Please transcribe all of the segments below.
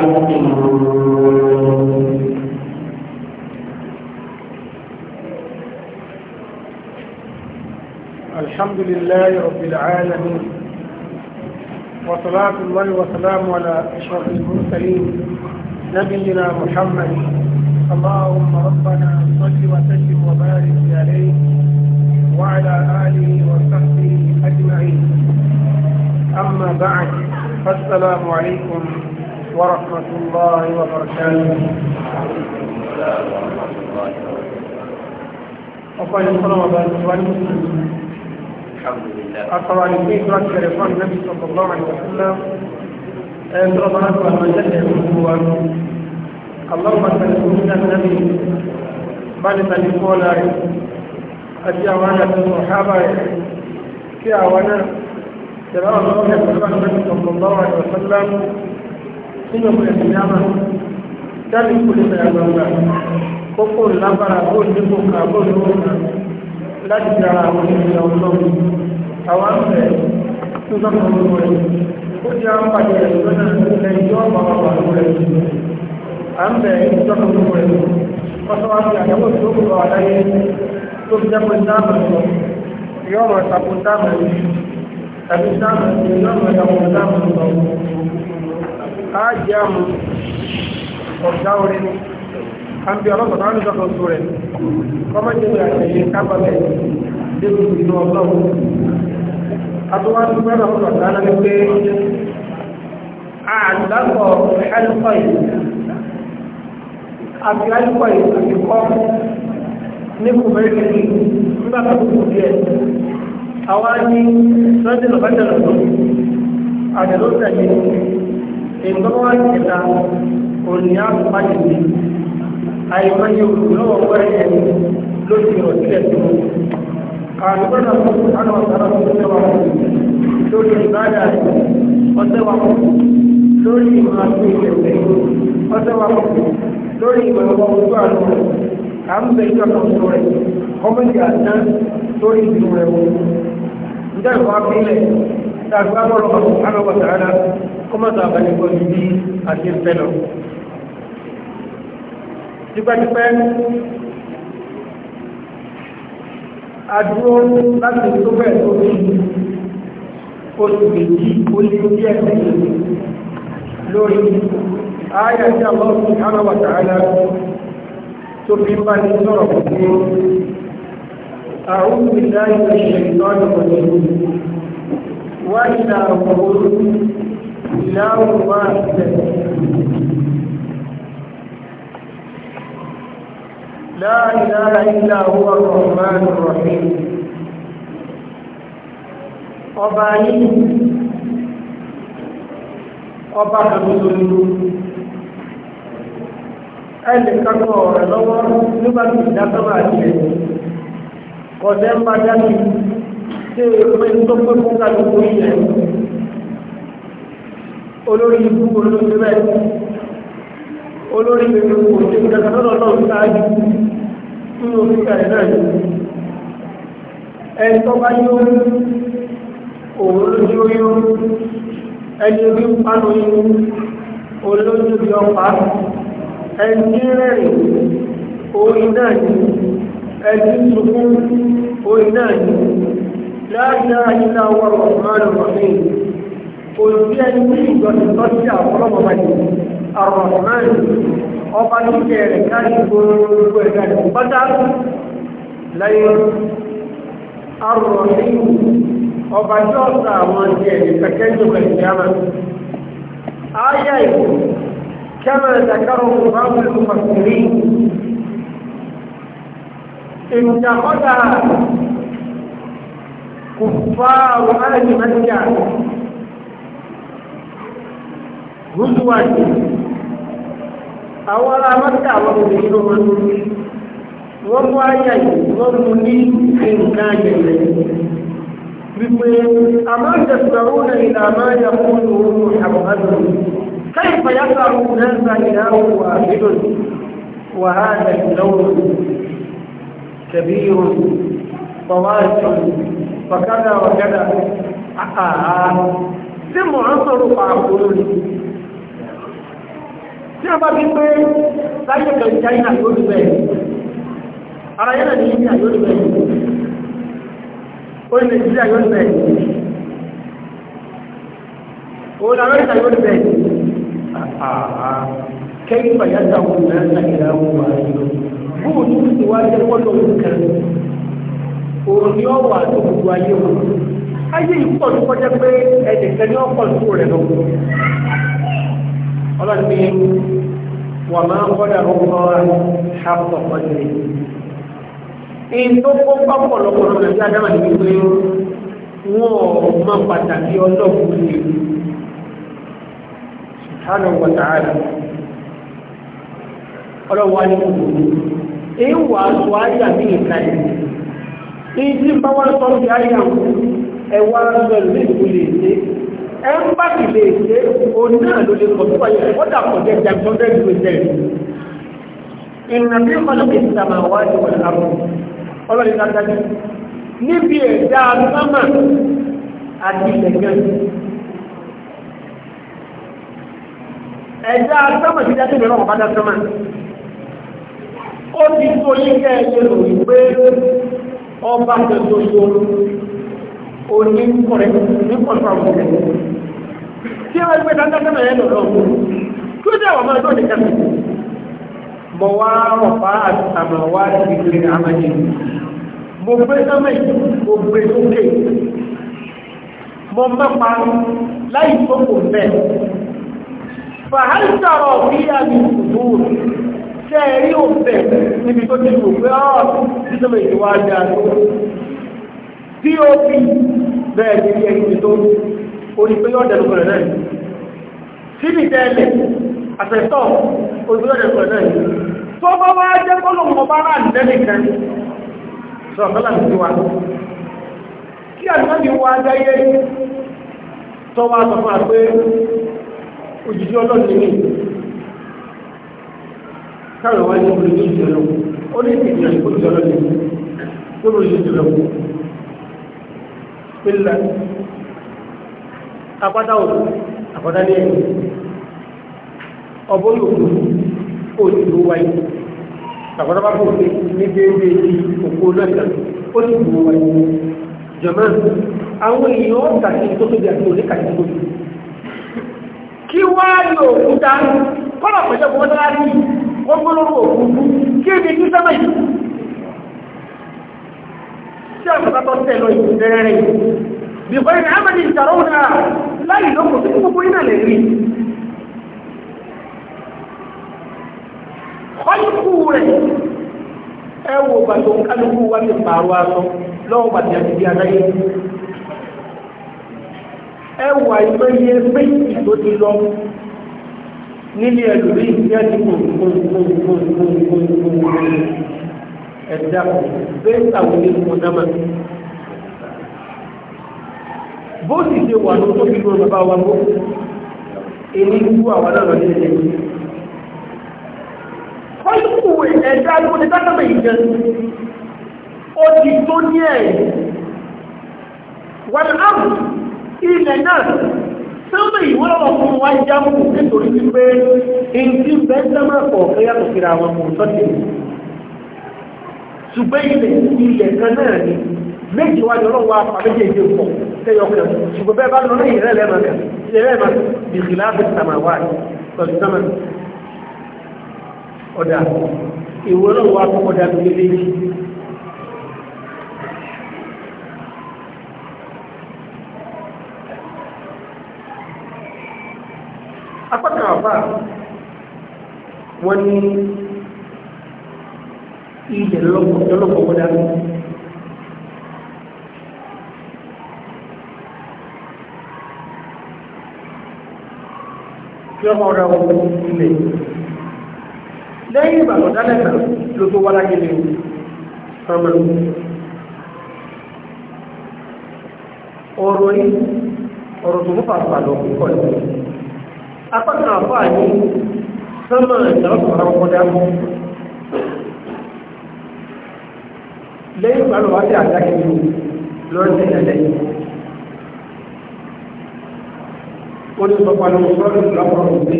الحمد لله رب العالمين وصلاة الله وسلام على أشرف المرسلين نبينا محمد اللهم ربنا صل وسلم وبارك عليه وعلى آله وصحبه أجمعين أما بعد فالسلام عليكم ورحمة الله وبركاته أقول السلام عليكم الحمد لله أقرأ لكي ترك شريفان النبي صلى الله عليه وسلم أن ربنا فهما جل اللهم صل على النبي بل تلقوا àti àwọn àjàtún ọ̀hábà rẹ̀ kí àwọn náà tẹ̀lá ọ̀sán nínú ọmọ ẹ̀sìn yàmà jáde kúrò ní àgbàgbà kókó lábára bóò dípò ká bóò lówó ká láti fi ara àwọn ènìyàn ọlọ́run àwọn àfẹ́ tó bá kan lọ́wọ́ rẹ̀ ó ti àwọn pàdé rẹ̀ lọ́nà lẹ́yìn tí wọ́n bá wà wà lọ́wọ́ rẹ̀ à ń bẹ̀ ìjọba lọ́wọ́ rẹ̀ kọ́sọ́ wá sí àyẹ̀wò tó kù lọ àdáyé tó fi jẹ́pọ̀ dáàmà lọ yọ̀ọ̀mọ̀ ìtàkùn dáàmà yìí tàbí dáàmà yìí yọ̀ọ̀mọ̀ ìtàkùn dáàmà lọ káàjì àmú ọ̀gá orí ni a ń bí ọlọ́pàá náà nígbà tó tó rẹ̀ kọ́mọ́jì ní àṣẹyẹ kábàbẹ̀ débi ìlú ọlọ́run atúwájú gbọ́dọ̀ fún ọ̀gá náà ni pé àdàkọ̀ ẹlùkọ̀ yìí àti ẹlùkọ̀ yìí àti kọ́ ní kùbẹ́rẹ́ kìí nígbà tó kù díẹ̀ àwa ní sọ́dẹ̀ yìí ìtọ́wọ́ ìkẹta òní àpáyé mi àìmọye olùlọ́wọ́ wẹ́rẹ́ ẹni ló ti rọ̀ sílẹ̀ tó àdúgbọ́nà àwọn ọ̀sára tó tẹ́wà fún lórí ìbáyà ọ̀tẹ́wà fún lórí ìmọ̀ àti ìrẹ̀lẹ̀ ọ̀tẹ́wà fún lórí ìmọ̀ ọ̀pọ̀ ojú àlọ́ à ń bẹ ìjọ kan sọ rẹ̀ kọ́mọ́dì àdán lórí ìdúró rẹ̀ wọ́n. ìjọba fi ilẹ̀ tàbí agbọ́rọ̀ ọdún alọ́gbọ̀ta ara kọmọ́ta àbáyẹ̀kọ́ ní bí àti ìfẹ́lọ tipẹ́tipẹ́ adúró láti tó bẹ̀rẹ̀ tó bí oṣù méjì ó lé díẹ̀ lórí ayé àti àbọ́sùn alọ́gbọ̀ta ara tó bí bá ní sọ̀rọ̀ pé أعوذ بالله من الشيطان الرجيم وإلهكم إله واحد لا إله إلا هو الرحمن الرحيم ọba ọba kàmílòlò ẹnì kankan ọ̀rẹ́ lọ́wọ́ nígbà tí ìdásọ́rọ̀ àti ẹ̀yìn kọ̀dẹ́ ń bá jáde ṣe ọmọ ẹni tó pé fún kálukú ilẹ̀ olórí ikú olóṣèlú bẹ́ẹ̀ olórí ìlú kò ṣe ìdàgbàsọ́dọ̀ náà ṣáájú nínú fíkà ẹ̀ náà ẹni tó bá yóò òun lójú yóò ẹni orí ń pánu inú olójú bí ọpa ẹni rẹ̀rìn orin náà ni ẹni sunkún orin náà ni láàrín àyíká wà rọ̀mọ́nà rọ̀mìn kò sí ẹni tí ìjọsìn tó ṣe àkọlọ́mọ bá yìí àrọ̀mọ́nà ọba níkẹ́ rẹ̀ káàkiri gbogbo ẹ̀ka rẹ̀ pátá láyé àrọ̀mọ́nà ọba tí ó sa àwọn ti ẹ̀yìn kẹ́kẹ́ ìjọba ìjọba ayé ìwò kẹ́mẹ̀ ìdàkárọ̀ ọ̀rọ̀ ìfàkùnrin كفار أهل مكة غزوا أولا مكة ومشروع wọ́n ayà yìí wọ́n mú ní nǹkan ayẹyẹ wípé àmájẹ̀sọ̀rọ̀ náà ìlà máa yà fún òun àbúhádùn káì fàyàtà òun náà ìdáhùn wà nílùú wàhálà wàkádà wàkádà àà tí mò ń sọ̀rọ̀ pàápàá ni tí a bá bí pé láyé kan china yóò rí bẹ́ẹ̀ ara yẹ́nà ní india yóò rí bẹ́ẹ̀ orí nàìjíríà yóò rí bẹ́ẹ̀ òun amẹ́ríkà yóò rí bẹ́ẹ̀ ah, ah, ah. kẹ́yìn fàyàtà òun náà ṣàkìlà òun wà nínú bóòlù ti wá jẹ́ pọ́lọ̀ òun kan òun ni ó wà ní gbogbo ayé wọn ayé ìpọ̀ tó kọjá pé ẹnìkan ní ọ̀pọ̀ tó rẹ̀ lọ ọlọ́run ní wà máa ń kọ́dà ọkọ̀ ṣàpọ̀ kọ́dìrì ìtò kó pápọ̀lọpọ̀ lọ́nà tí adáma ní wípé wọ́n pàtàkì ní èyí wà á sọ ayé àbí ìka ìdí bá wọ́n sọ bí ayàwó ẹwà rẹ̀ lè lè ṣe ẹ ń bá ti lè ṣe o náà ló lè kọ̀ tó wáyé kọ́dà kọ̀ jẹ́ jàgbọ́n bẹ́ẹ̀ ló jẹ́ ìrìnàbí ọlọ́pẹ̀ ìsàmà wá ní wọn àrùn ọlọ́rin dájájú níbi ẹ̀dá sánmà àti ìlẹ̀gẹ́ ẹ̀dá sánmà ti dájú mìíràn ọ̀bá dá sánmà ó ti tó yí kẹ́ ẹ̀yẹ lòrí pé ọba tẹ̀sọ̀sọ̀ òní kọ̀rẹ́ ní kọ̀tọ̀rọ̀ tí a wáyé pé dáńdáńdá náà yẹn lọ lọ́wọ́ tí ó jẹ́ àwọn ọmọ ẹgbẹ́ òdìkan mọ̀ wá ọ̀pá àmà wá ìgbìlẹ̀ àmàjì mo gbé sọ́mẹ̀ mo gbé sókè mo mẹ́pa láì tó kò mẹ́ fàhálítàrọ̀ bí i àmì ṣe rí òfẹ́ níbi tó ti rò pé ọ́ sísọmọ ìdíwá dá tó tí ó fi bẹ́ẹ̀ ní bí ẹni tó orí pé yọ́ dẹ̀lú pẹ̀lẹ̀ náà síbi tẹ́lẹ̀ àtẹ̀tọ̀ orí pé yọ́ dẹ̀lú pẹ̀lẹ̀ náà tó bá wá jẹ́ kọ́lọ̀ mọ̀ bá rà nẹ́lẹ̀ kan sọ àbẹ́là ní tiwa kí tọ́wọ́ àtọ́fà pé òjìjí ọlọ́dún ní káwọn wá ní olùdó ìjọlọ ó ní ìpìlẹ̀ ìkó ìjọlọ ní lórí ìjọlọ pílà apáta òkú àkọ́dá ní ẹ̀yìn ọbọ̀ yòókù kó o ti ló wáyé àkọ́dá bá fòfin ní déédéé di òkú olóòtú ó ti ló wáyé jọ̀mọ́ àwọn èèyàn ọ̀tà sí tó tóbi àti oníkàtí tó tóbi kí wá ní òkúta kọ́lọ̀ pẹ̀lú ọkọ̀ mọ́tàlá wọ́n gbọ́lọ́rọ̀ òkúrú kí èdè ní sẹ́mẹ̀ yìí tí a kọ̀ta tọ́ tẹ́lọ ìrẹ̀rẹ̀ bí kọ́ ìrìn àmàdì ìtàrọ̀ náà láì lọ́pọ̀ sí gbogbo iná lè rí ọ̀yíkú rẹ̀ ẹwọ bàtò kálukú wá ti pààrọ̀ aṣọ lọ́wọ́ nílé ẹlòmí ìfẹ́ ti kòkòkòkòkòkòkòkò ẹ̀dá bẹ́ẹ̀ àwọn ilé ìwọ̀n náà bó sì ṣe wà ló tó bíbọn bàbá wa bó èmi kú àwọn náà lọ́dún ẹ̀dẹ́ kọ́lùkù ẹ̀dá ló ní dákàmẹ̀ ìjẹ ó ti tó ní ẹ̀ wọ́n á ilẹ̀ sẹ́wọ́n ìwé ọ̀rọ̀ fún wa já mú nítorí wípé ìdí bẹ́ńdẹ́mà kọ̀ọ̀kan yàtọ̀ síra wọn mú sọ́tì ṣùgbọ́n ilẹ̀ ilẹ̀ kan náà ni méjì wájú ọlọ́wọ́ àpàlẹ́jẹ̀ ìdí pọ̀ tẹ́yọkẹ̀ ṣùgbọ́n bẹ́ẹ̀ bá lọ ní ìrẹ́ lẹ́mọ̀kẹ̀ ìrẹ́ lẹ́mọ̀kẹ̀ ìrìnlá fi sàmàwà sọ̀tì sọ́mà ọ̀dà ìwé ọlọ́wọ́ àpapọ̀dà lórí wọ́n ní ilẹ̀ lọ́lọ́pọ̀ wọ́n dání kí ọmọ ọ̀rọ̀ ọ̀pọ̀ ilẹ̀ lẹ́yìn ìbàlọ̀ dálẹ́ta ló tó wá lágbèlè ọmọ ọ̀rọ̀ yìí ọ̀rọ̀ tó ń fà fà lọ apá kan àfáà ní sánmà ìjọba kọjá mú lẹ́yìn ìgbà lọ́wọ́ sí àjákè ní lọ́rọ̀ sí ẹ̀lẹ́ ó ní sọ pàdé òṣùrọ̀ lọ́pọ̀ òṣè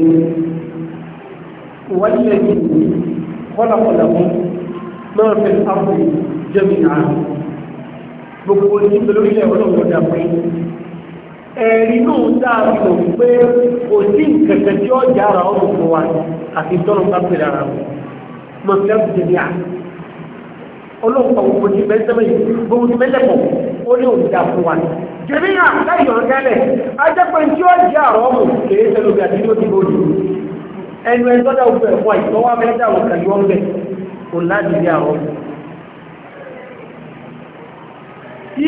wọ́n lè ní kọ́lọ̀kọ́lọ̀ mú náà fi ápù jẹ́mìnà gbogbo ní pẹ̀lú ilẹ̀ ọlọ́run lọ́dà pé ẹ̀rí náà dáàbí lò pé kò sí nǹkankan tí ó jà ara ọ̀rọ̀ fún wa àti tọ́lọ̀ bá pèrè ara wọn mọ̀ sí ẹ̀kú jẹ̀bi à ọlọ́pàá òkú ti bẹ́ẹ̀ sẹ́mẹ̀ yìí gbogbo ti bẹ́ẹ̀ lẹ́pọ̀ ó ní òun dà fún wa jẹ̀bi à láì yọ̀ kẹ́lẹ̀ ajẹ́pẹ́ tí ó jà ara ọ̀rọ̀ kèé sẹ́lú bí àti ní ó ti bó ẹnu ẹ̀ tọ́jà òkú ẹ̀fọ́ ìtọ́wá mẹ́ta dà òkà yọ̀ ọ́ bẹ̀ kò láti rí àwọn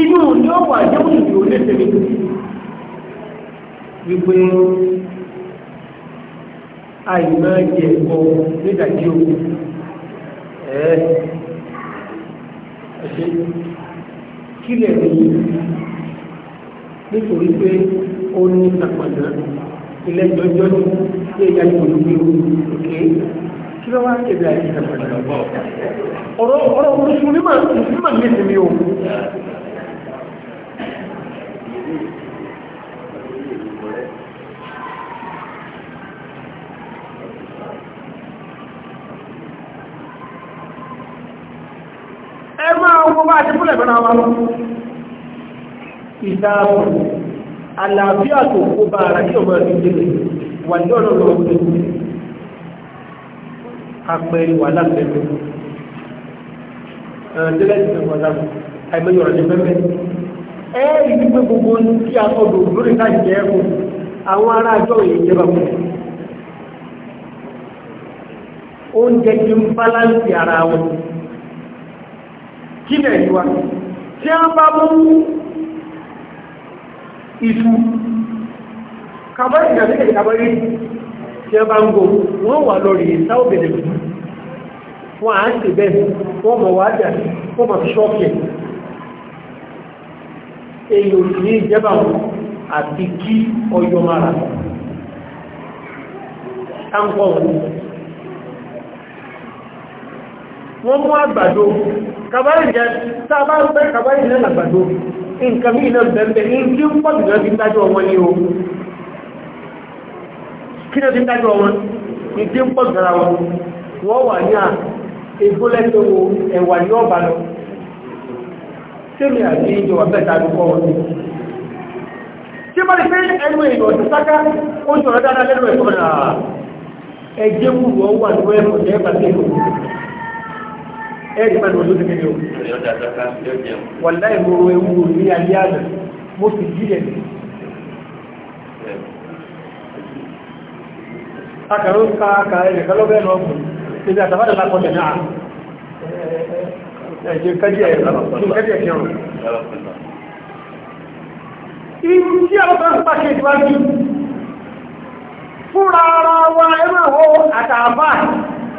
inú ni ó wà jẹ́ òṣèlú oníṣèlú wípé àìmọ́ jẹ ẹ̀kọ́ nídàjí o ẹ̀ ẹ̀ṣẹ́ kílẹ̀ rí nítorí pé ó ní sàpàdà ilé jọjọ́ ní ilé ìyá ìgbòho ní òkè kí ló wá kéde àìsàn sàpàdà ọ̀rọ̀ ọ̀rọ̀ mùsùlùmí mà mùsùlùmí mà ní ìsinmi o. gbogbo bá ti fúnlẹ̀ fẹ́ra wọn ìdáàbò àlàáfíà tó kó bá ara kí ọmọ ẹni jẹ́ wà ní ọ̀nà lọ sí apẹ̀rẹ̀ wà lábẹ́rẹ̀ ẹ̀ẹ́dẹ́lẹ́sì wà lábẹ́ àìmẹ́yọ̀rọ̀ ní pẹ́pẹ́ gbogbo a sọ̀dọ̀ lórí ká jẹ́ ẹ̀kùn àwọn ará àjọ ìjẹba kù oúnjẹ ti ń báláǹsì ara wọn kílẹ̀ ìwà tí a bá mú ìfú kàbáyé ìgbàsíkẹ̀ kàbáyé tí a bá ń go wọ́n wà lórí sáwọ́bẹ̀rẹ̀ wọ́n á sì bẹ́ẹ̀ wọ́n mọ̀ wá jà wọ́n mọ̀ ṣọ́ọ̀kẹ̀ èyí ò sí ìjẹba wọn àti kí ọyọ mara táǹkọ̀ wọn mú àgbàdo kàbáyì jẹ́ tá a bá ń pẹ́ kàbáyì lẹ́nà gbàdó nǹkan mí náà bẹ̀rẹ̀ ní kí ń pọ̀jù náà fi ń dájọ́ wọn ní o kí náà fi ń dájọ́ wọn ní kí ń pọ̀jù náà wọn wọ́n wà ní à ègbó lẹ́tọ́ ẹ̀wà ní ọ̀bà lọ sẹ́mi àti ìjọba bẹ́ẹ̀ta ló ní ẹ̀kọ́ ẹ̀rí pẹ̀lú olóòtú mi ni o. wàlá ìmòrò ewu ní ayé àná mo sì jílẹ̀ ní. akàró ká ká ẹ̀rẹ̀ kálọ́bẹ̀ náà kù ṣe bí àtàbádà lápọ̀ tẹ̀ náà. ẹ̀jẹ̀ tí a bá ń pàṣẹ ìwájú fúnra ara wa ẹ̀rọ àtàbá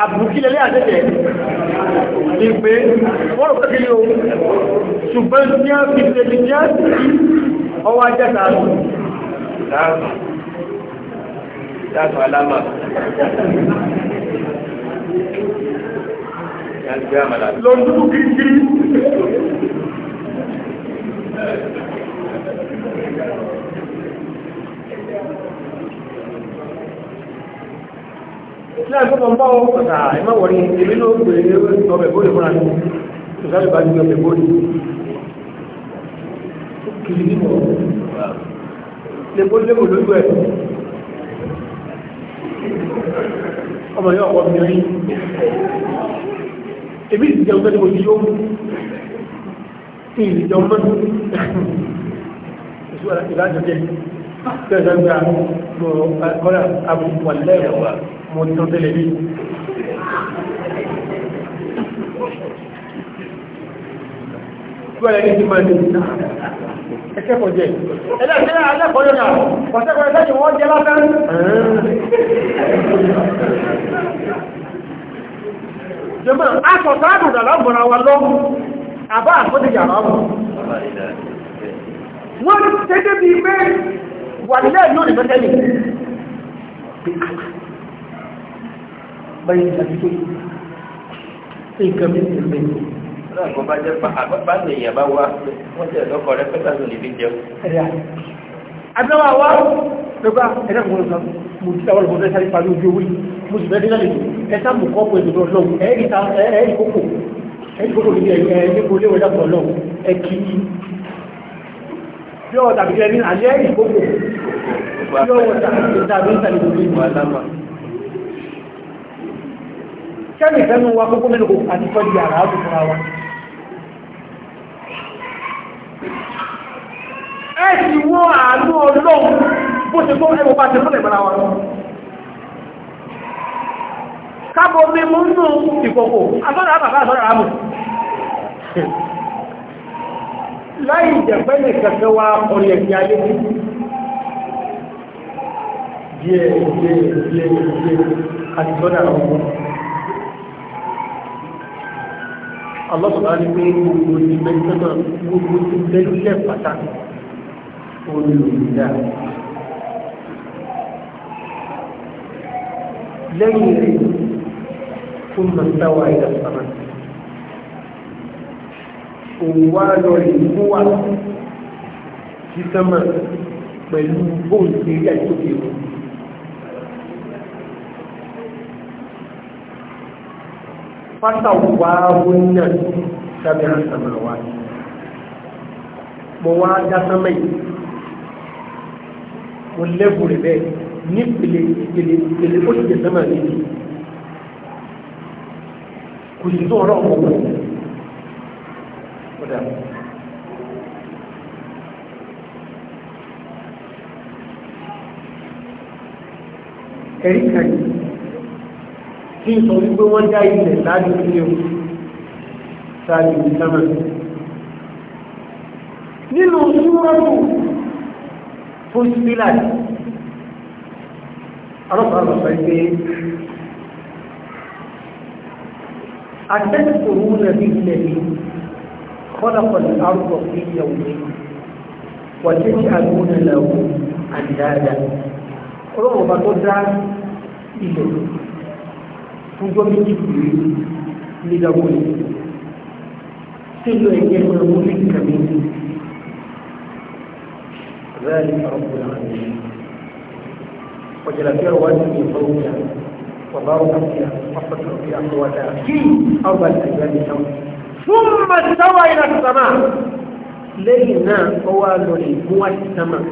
àbùkílẹ̀ àtẹ́tẹ̀ ní pé wọ́n rọ̀ pẹ́kẹ́ yóò ṣùgbọ́n tí a fi tẹ́lẹ̀ tí a sì kí ọwá jẹ́ta dáàtù aláma lọ dúdú kìrìkìrì Thank you. náà tó kàn bá wọn kọ̀tà ẹ̀mọ́ wọ̀rí èmi ló gbé e, ọbẹ̀ bóde fúnra mi ìsáré bá ju ọbẹ̀ bóde kiri ní mọ̀ lè bó lébò lójú ẹ̀ ọmọ yóò kọ́ mi rí èmi ti jẹun tẹ́lẹ̀ mo ti yóò ìlú jọ mọ́ ìṣúra ìlàjọ jẹ́ tẹ́lẹ̀ sọ́gbà mọ̀ kọ́lá àbùkù wà lẹ́yìn àwọn mo tán tẹ́lẹ̀ ní Gbọ́lẹ̀ ní ti máa ní ẹkẹ́kọ̀ọ́ jẹ́. Ẹlẹ́ ìṣẹ́lẹ̀ alẹ́kọ̀ọ́ lọ́nà, ọ̀sẹ́kọ̀ọ́ ẹ̀ṣẹ́ ti wọ́n jẹ́ lásán. Jẹ́mọ́, a sọ sáàdùdà lọ́gbọ̀nà wa lọ, àbá àkọ́dìjà lọ́gbọ̀n. Wọ́n tẹ́jẹ́ bí pé wà nílẹ̀ yóò báyìí àti tó ṣe nǹkan mi ti lè. láàbọ̀ bá jẹ́ bá lè yàn bá wá wọ́n jẹ́ lọ́kọ̀ rẹ pẹ́tà ló lè fi jẹun. àbẹ́wò àwa lọ́gbà ẹ̀rẹ́ kò lọ́sàn mo ti àwọn olùkọ́ni sáré parí ojú owó yìí mo sì fẹ́ẹ́ dé lálejò ẹ sá mú kọ́ pẹ̀lú ọlọ́run ẹ̀ẹ́rì ta ẹ̀ẹ́rì kókò ẹ̀ẹ́rì kókò níbi ẹ̀ẹ́rì kó léwọ̀ tàbí ẹ̀ẹ́rì àlẹ́ ẹ̀ẹ́rì kókò tàbí kẹ́mì fẹ́ mú wa kókó mẹ́lò àti tọ́jú ara á dùn fúnra wa ẹ sì wọ́n àánú ọlọ́run bó ṣe tó ẹwọ bá ṣe fún ẹ̀gbẹ̀rẹ̀ wa lọ kábọ̀ mi mú nù ìkòkò àtọ́dà àbàbà àtọ́dà àmù láì ìjẹ̀fẹ́ lè kẹfẹ́ wa ọ̀rẹ̀ ẹ̀kì ayé díẹ̀ díẹ̀ díẹ̀ díẹ̀ àti tọ́dà ọmọ alọ́sọ̀tà ní pé gbogbo ti bẹ́ẹ̀ náà gbogbo ti bẹ́ẹ̀ lẹ́ pàtàkì olùdá lẹ́yìn rẹ̀ fún mọ̀sáwà ìdá sàmà òun wá lọ rẹ̀ fún wa sí sánmà pẹ̀lú bóòlù sí ilé àìsókè òun fásàwáhúnnà sábẹ́ àsàmàwá mo wá dá sánmà yìí mo lẹ́bù rẹ̀ bẹ́ẹ̀ ní pèlè ìpèlè ìpèlè ó sì jẹ sánmà níbi kò sì tó ọ̀rọ̀ ọ̀pọ̀ wọn kódà kan yìí tí sọ wípé wọ́n já ilẹ̀ láàájú ilé o sáàjú ìsámà nínú súnmọ́tò fún sílàdì arọ́pàá sọ pé akẹ́kọ̀ọ́ náà bí ilẹ̀ mi kọ́lápọ̀ ní arúgbó àgbóhùn lẹ́wọ̀ àdáadáa ọlọ́wọ́ bá tó dá ilẹ̀ fúnjọ́ méjì pèrè nígbàgbọ́ yìí tí lọ ẹ̀jẹ̀ máa mú ní kàmí ní rẹ́ẹ̀lì ọ̀pọ̀ láàrin وجلبير وادي فوقها وبارك فيها وفتح في أقواتها في أول أيام الأول ثم استوى إلى السماء لينا هو لي هو السماء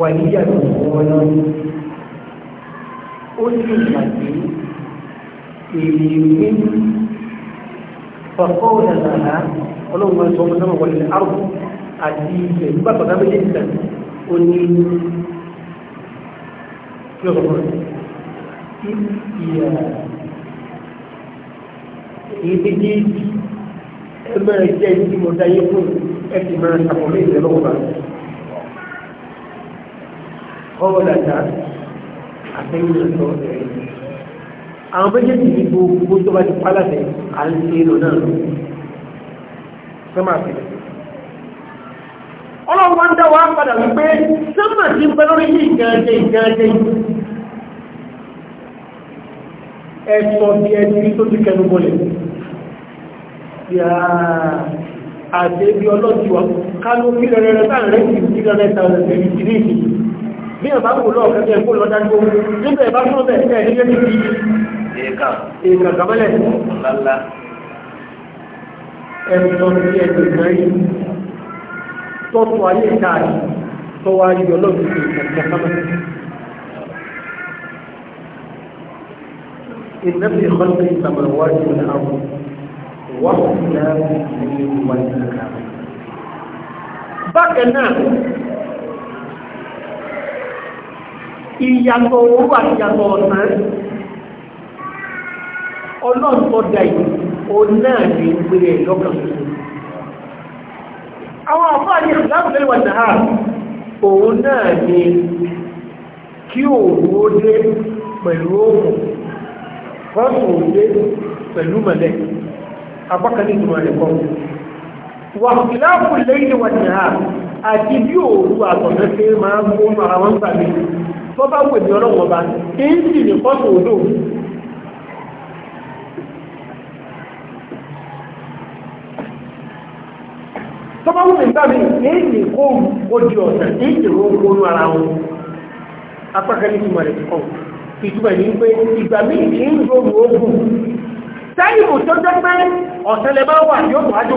wà níyà tó wọ́n náà ó ní ìgbàgbé èyí fọ̀kọ́ ìdàgbà ọlọ́run máa ń sọ ọmọ náà wọlé àrùn àti ìfẹ́ nígbà tó dábẹ́ lè gbà ó ní kí ọ̀rọ̀ rẹ̀ tí ìyà èyí tí kí ẹ máa jẹ́ ìdí mo dáyé fún ẹ ti máa sàkọ́lé ìrẹ́lọ́wọ́ báyìí kọ́bọ̀dàtà àtẹ́yìn ọ̀tọ̀ ẹ̀yìn àwọn méjèèjì ní gbogbo tó bá ti pálàtẹ̀ à ń ṣe lọ náà lọ sọ́mà sílẹ̀ ọlọ́run wọ́n dá wa padà wípé sọ́mà ti ń pẹ́ lórí ní ìgbàjẹ́ ìgbàjẹ́ ẹ̀sọ́ ti ẹni tó ti kẹnu bọ́lẹ̀ àti ẹbí ọlọ́tiwà kálókí rẹ̀rẹ̀ bí ọba kò lọ ọ̀kẹ́ kẹ́ kó lọ dájú nígbà ìbá fún ọbẹ̀ tọ́tù ayé káàdì tó wá yọ lọ́dún sí ìkẹ̀kẹ́ sámẹ́sì إن في خلق السماوات والأرض واختلاف الليل ìyàtọ̀ òru àti ìyàtọ̀ ọ̀sán ọlọ́run tó da yìí o náà ní ìpínlẹ̀ lọ́kàn àwọn àfáà ní ìdáàbòlẹ̀ wà náà òun náà ní kí òru ó dé pẹ̀lú òkùn fọ́sùn ó dé pẹ̀lú mọ̀lẹ́ apákaní ìtumọ̀ rẹ̀ wà kìláàpù lẹ́yìn wà náà àti bí òru àtọ̀nẹ́fẹ́ máa ń kó ara wọn gbàgbé tó bá wù ní ọlọ́run ọba kí ń sì ní kọ́tù òdò tó bá wù ní gbàmí ní ìlú kóòmù ó di ọ̀sẹ̀ ní ìlú kóòmù ara wọn apákan ní ìtumọ̀ rẹ̀ kọ́ ìtumọ̀ ní pé ìgbà míì kì í rọrùn ogun sẹ́yìn mú tó jẹ́ pé ọ̀sẹ̀ lè wà yóò tó ájú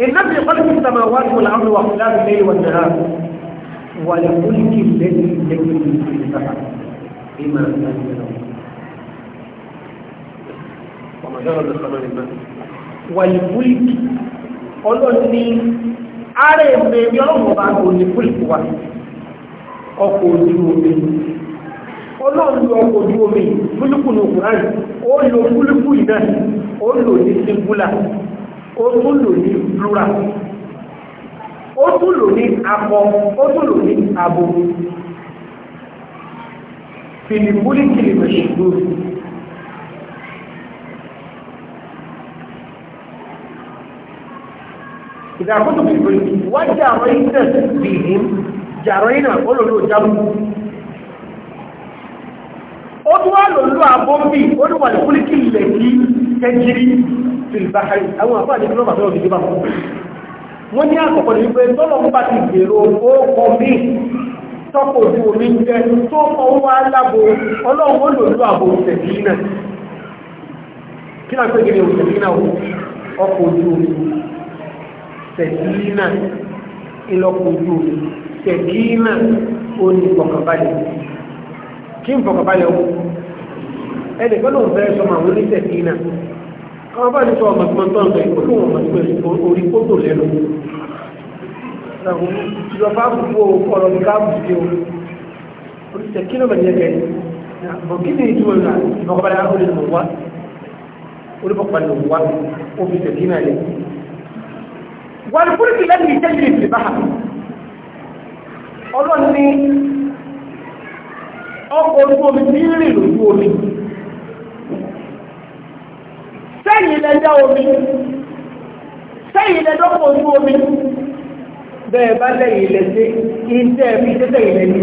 إن خلق السماوات والأرض واختلاف الليل والنهار ولكل الذي يجري في البحر بما أنزل والفلك ọlọ́run ní ààrẹ ẹ̀mẹ́ ẹ̀mí ọlọ́run ọba kò ní fúlìkù wa ọkọ̀ ojú omi ọlọ́run ní ọkọ̀ ojú omi fúlìkù ní òkúrán ó lò fúlìkù ìdá ó lò ní síngúlà ó tún lò ní plural ó tún lò ní akọ ó tún lò ní abo fìlìpúlì kìlìmọ̀ ṣùgbọ́n ìdàkótò fìlìpúlì wọ́n jẹ́ àwọn ìtẹ̀sì bìí jàrọ̀ iná olóòlò jámù ó tún wá lòlú àbọ́m̀bì ó ní wà lẹ́kìí tẹ́jírí fìlìbáhárì àwọn àfáà ní kílọ́mà tọ́lọ̀ ìjọba wọ́n ní àkọ́kọ́ ní wípé tọ́lọ̀ ń bá ti gbèrò ókọ mí tọ́pọ̀ ojú omi jẹ tó kọ́ wá lábo ọlọ́run ó lòlú àbò tẹ̀síínà kí náà pé gẹ́gẹ́ tẹ̀síínà ọkọ̀ ojú omi tẹ̀síínà ìlọ́kọ̀ ojú omi tẹ̀síínà ó ní ìfọ̀kànbalẹ̀ kí ìfọ̀kànbalẹ̀ ọkọ̀ ẹnì kan lóun fẹ́ sọmọ àwọn oníṣẹ̀kì náà àwọn bá ní sọ ọmọ tí wọ́n tán sọ ìkó lóun ọmọ tí wọ́n sọ orí fótó lẹ́nu ìjọba àbùkù ọ̀rọ̀ nìkan àbùkù oníṣẹ̀kì náà bẹ̀ yẹ bọ̀kínì ìtumọ̀ náà ìbọ̀kọ̀bára olùmọ̀wá olùmọ̀pàlùmọ̀wá òfìsẹ̀ kí náà lè wà ní fúrìtì lẹ́nu ìtẹ́jìrì sí báhà ọlọ́ni ọkọ̀ ojú omi tí ń rìn lójú omi sẹ́yìn lẹ́dá omi sẹ́yìn lẹ́dọ́ pọ̀ ojú omi bẹ́ẹ̀ bá lẹ́yìn lẹ́sẹ̀ ìjẹ́ ẹ̀fí tẹ́tẹ̀yìn lẹ́ni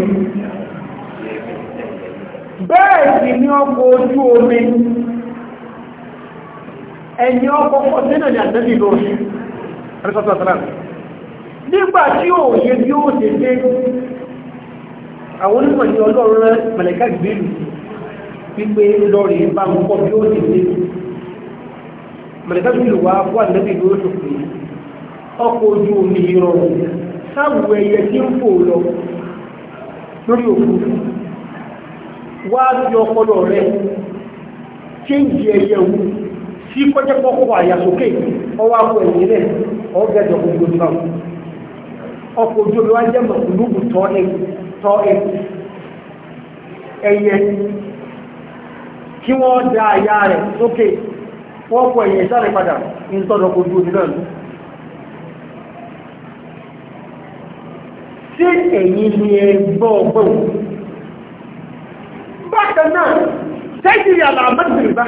bẹ́ẹ̀ sì ní ọkọ̀ ojú omi ẹni ọkọ̀ pọ̀ sínú ní àtẹ́bì lórí nígbà tí ó yẹ bí ó ṣe ṣe àwọn onímọ̀ ní ọlọ́run mẹ̀lẹ́kà gbèrú wípé lọ́rẹ̀ bá ń pọ̀ bí ó ṣe ṣe mọ̀lẹ́kẹ́bí ló wá wà lẹ́bí lóṣù pé ọkọ̀ ojú omi rọrùn sáwù ẹyẹ tí ń fò lọ lórí òkú wá ọpọlọ rẹ ẹyẹ wù sí kọjẹ́pọ̀ kọ àyàsókè ọwọ́ akọ ẹ̀yìn rẹ ọgẹ́jọ gbogbo náà ojú omi wá ẹ ẹ ẹyẹ kí wọ́n da àyà rẹ̀ sókè okay. wọ́n kọ ẹ̀yìn ìsáré padà ní tọ́dọ̀ kò ju omi náà lọ. tí ẹ̀yìn ni ẹ gbọ́ ọgbọ́n bákan náà tẹ́jìrì àlàmọ́tìrì bá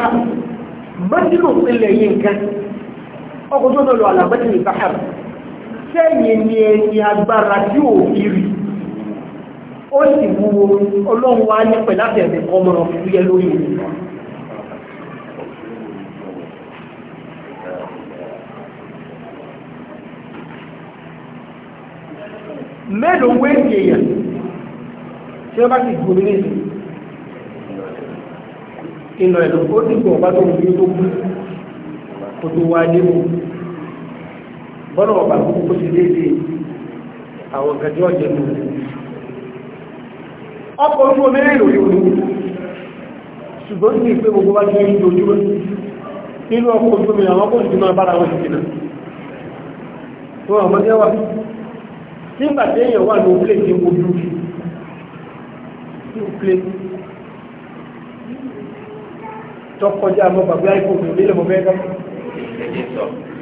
mọ́tìrì ilẹ̀ yìí nǹkan ọkọ̀ tó lọ àlàmọ́tìrì bá tẹ́yìn ni agbára tí ò kiri ó sì wúwo ọlọ́run wá ní pẹ̀láfẹ̀ẹ́ ọmọ ọ̀fẹ́ lórí mélòó wé èèyàn tí ó bá ti gbòmí ní ìsìn ìlọ ẹ̀lọ́ ó ti gbọ̀ ọ̀bá tó ń gbé tó kú kò tó wá dé wọn bọ́lá ọ̀bá kó kó ti dédé àwọn gàjọ́ ọ̀jẹ̀ nù ọkọ̀ ojú omi rẹ̀ ìròyìn òní ṣùgbọ́n sí ìpé gbogbo wá jẹ́ ìjọ ojú nínú ọkọ̀ ojú omi àwọn ọkọ̀ nígbà tí èèyàn wà ní òkúlé tí ó dúró sí òkúlé tó kọjá mọ́ bàbá ìkò mi nílẹ̀ mọ́ mẹ́ta.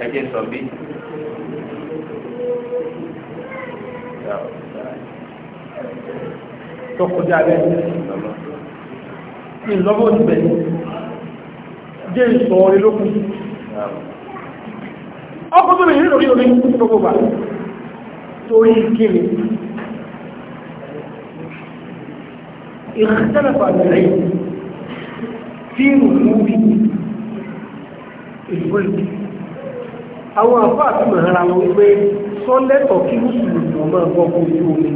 ẹjẹ sọ bí. tó kọjá bẹ́ẹ̀ ní lọ́wọ́ ìbẹ̀ jẹ́ ìsọ̀rọ̀ lókun. ọkọ̀ tó lè rí lórí omi gbogbo bàbá torí kíni ìrìnsẹ́lẹ̀pà rẹ̀ tí ìrùnmúbí ìfúlùkì àwọn àfáà tí mọ̀ ara wọn pé sọ́lẹ́tọ̀ kí mùsùlùmí ọmọ ọgbọ́gbọ́ ojú omi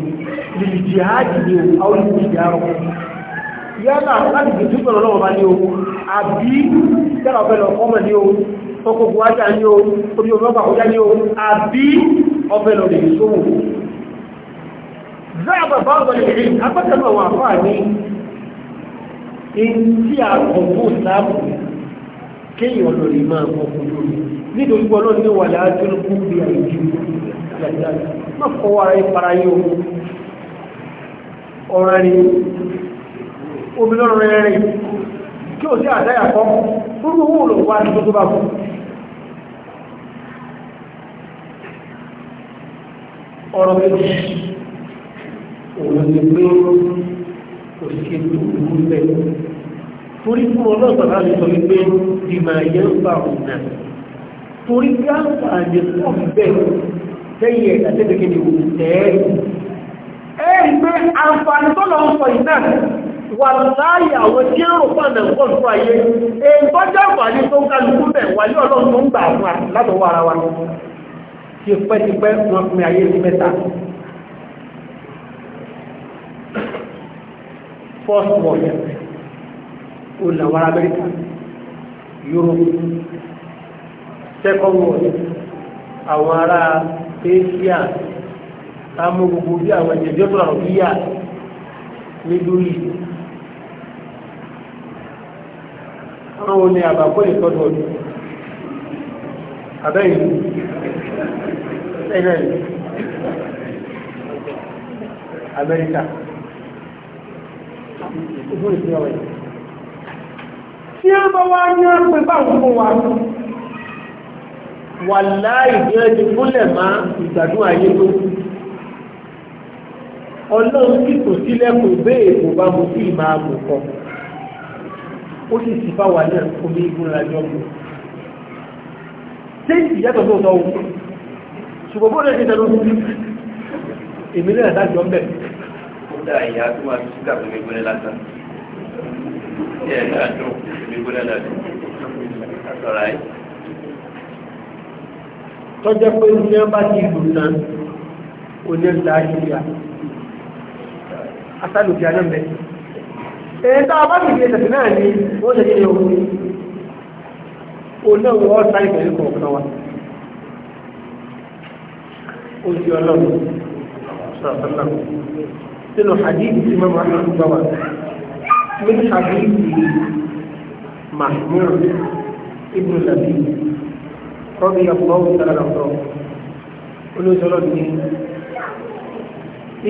lìlì jihadi ni àwọn ìjìyà ọkọ̀ yálà láti gbé tó pẹ̀lú ọlọ́wọ́ bá ní o yálà ọ̀fẹ́ lọ ọbẹ̀ lórí ìṣòwò záàbà bá wọlé rí apákanà wà fà ní tí a kọ̀kọ́ sáàbù kéèyàn lórí máa kọ̀kọ́ lórí nítorí gbọ́nà ní wà láàájú kú bí àìjú má fọwọ́ ara ìpara yóò ọ̀rọ̀ ni obìnrin rẹ̀ rẹ̀ kí o sí àdáyà kọ́ fúrú owó olùwà tó tó bá fún ọ̀rọ̀ méjì òun ni pé kò sí ètò ìlú bẹ́ẹ̀ torí fún ọlọ́pàá láti sọ wípé ìmọ̀ ẹ̀yẹ ń fa òun náà torí bí àǹfààní pọ̀ bẹ́ẹ̀ lẹ́yìn ẹ̀dá tẹ́lẹ̀kẹ́ ni òun tẹ́ẹ̀rì ẹ̀rì pé àǹfààní tó lọ ń sọ ìná wà láàyè àwọn tí ó rò pàdà pọ̀ tó ayé èyí tó jẹ́ àǹfààní tó ń kálukú bẹ̀ wà ní ọlọ́run tó ń gbà fún látọwọ́ ara wa tí pẹ́tipẹ́ wọn pín ayé sí mẹ́ta first world olùlàwọ̀ Amẹ́ríkà Europe second world àwọn ará Asia àmọ́ gbogbo bí àwọn ìjẹ́jọ́ tó rọrùn yíyà nítorí àwọn olè àbàkọ́ ìtọ́jú ọdún abẹ́yìn ẹ̀rẹ́ amẹ́ríkà ìbúrò sí ọwọ́ yìí tí a bá wá ní ọ̀pẹ́ bá ń fún wa wà láì jẹ́ ẹni fúnlẹ̀ máa ìgbádùn ayé tó ọlọ́run kì kò sílẹ̀kùn bẹ́ẹ̀ kò bá mu sí ìmáa mú kọ ó sì sì bá wà náà omi igun lajọ́ mu. Ṣé ìyàtọ̀ tó sọ ohun ṣùgbọ́n bó lè ṣe tẹnu èmi náà dájọ́ ń bẹ̀. ó dá ìyá tó máa fi ṣúgà fún mi gbóná lásán tí ẹ̀ náà dùn mi gbóná lásán sọ̀rọ̀ ayé. tọ́jọ́ pé ní ẹ bá ti dùn náà ó ní ìlà ìyá asálùkì anáńbẹ. ẹ̀ẹ́dá bá mi di ẹ̀sẹ̀ náà ni wọ́n ṣe kí ni o. òun náà wọ́n sáré pẹ̀lú kọ̀ọ̀kan wa ojú ọlọ́run sọ̀rọ̀sọ̀lá nínú hadithi tí mọ́mọ́ àwọn ọgbà wà min hadithi mahmud ibn labi rọ́bì ọgbọ́wọ́ sára lọ́wọ́ olóṣèlú ní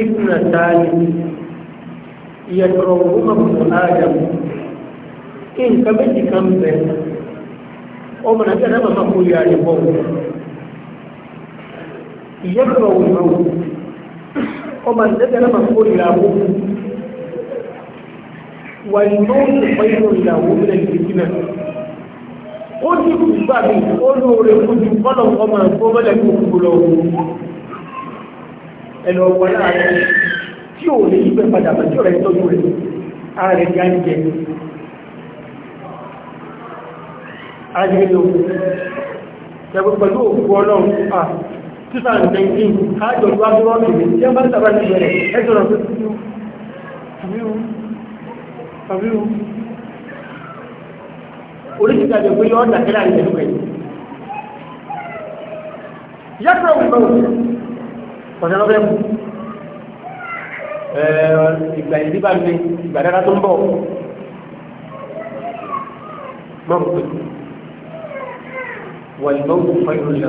ibn tali yẹtọrọ ọmọ ọmọ adam kí nǹkan méjì kan bẹ ọmọ nàìjíríà náà máa kó yàrá ìbọn ìyẹ́kọ̀ọ́ òyìnbó ọmọ ìdẹ́gbẹ̀rẹ́ náà máa kó ìyàwó wà ìmọ̀ òyìnbó ìyàwó ilẹ̀ ìgbìmọ̀ ó ní ìgbà mi ó ní oore ojú kọ́lọ̀ ọmọ ìfowópamọ́lẹ̀ kó kú lọ ẹ̀lọ́ wọlé ààrẹ tí ò lè yí pẹ́ padà bá tí ọ̀rẹ́ tọ́jú rẹ̀ ààrẹ ní àjẹ́ àjẹ́ ló pẹ̀lú òkú ọlọ́run 2019 kájọ tó wájú wọ́n lè tí ó bá sábà ti bẹ̀rẹ̀ ẹjọ́rọ̀ tó ti yú àbíhù oríṣìíjáde pé yọ́ ọ̀dà kílà ìlú pẹ̀lú yàtọ̀ òkúta òkú ọ̀sẹ̀ lọ́fẹ́ mú ìgbà ìdí bá mi ìgbà dára tó ń bọ̀ mọ́kùnrin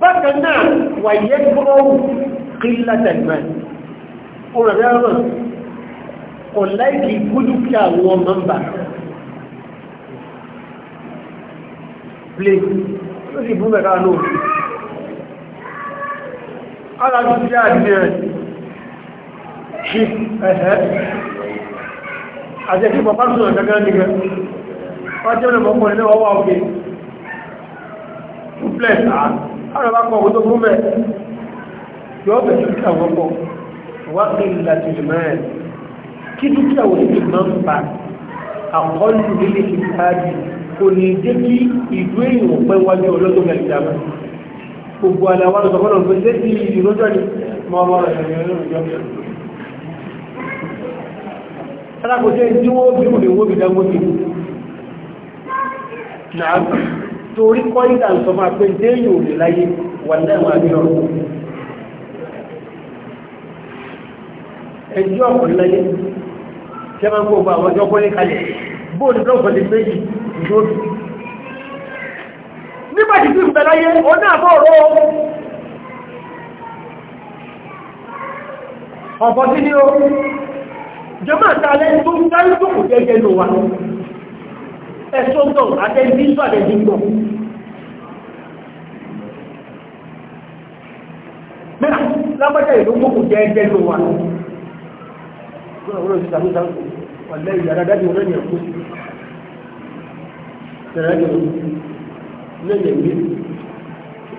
bákan náà wà yẹ kúrò kílá tẹ̀gbẹ̀ òrẹ̀rẹ̀ kò láìkì gúdúkì àwọn ọmọ mbà plane ó sì bú mẹ́ta lóòrùn ara ti jẹ́ àdínẹ̀ ṣe ẹ̀hẹ́ àti ẹ̀kí pàpá sọ̀rọ̀ gẹ́gẹ́ nígbẹ́ wọ́n jẹ́ ọ̀nà mọ́kànlẹ́wọ́wọ́ ọ̀gbẹ̀ ọ̀rọ̀ bá pọ̀ tó fún mẹ́ yọ́ bẹ̀ dúkìá wọn pọ̀ wá kí n láti lè máa ẹ̀ kí dúkìá wọn sì máa ń pa àkọlù nílé ìtaájì kò ní jẹ́ kí ìlú èèyàn pẹ́ wájú ọlọ́dún mẹ́ta mọ́ gbogbo aláwọ̀ àwọn ọ̀sọ̀kọ́nà ń pèsè sí ìrọ́jọ́ ni mọ́ ọmọ rẹ̀ ṣẹ̀yìn ọlọ́run alákòóṣe tí wọ́n bí kò lè wó bí dágbó sí náà torí kọ́ ìdá ń sọ máa pé déyìn ò lè láyé wà lẹ́wọ̀n àjọrò ẹjọ́ ọ̀pọ̀ láyé tí a máa gbogbo àwọn ọjọ́ kọ́ ní kalẹ̀ bóòdù lọ́pọ̀ lè méjì ìdóòdù nígbàtí tí ìfẹ́ láyé ọ̀nà àbọ̀rọ̀ ọ̀pọ̀ sí ni ó jọmọ́ àtàlẹ́ tó ń dárí tó kò jẹ́jẹ́ lò wà ẹ̀ṣọ́ tọ̀ àtẹ́bí sọ àtẹ́bí tọ̀ mẹ́ta lápẹ́ta ìlú gbogbo jẹ́ẹ̀jẹ́ ló wà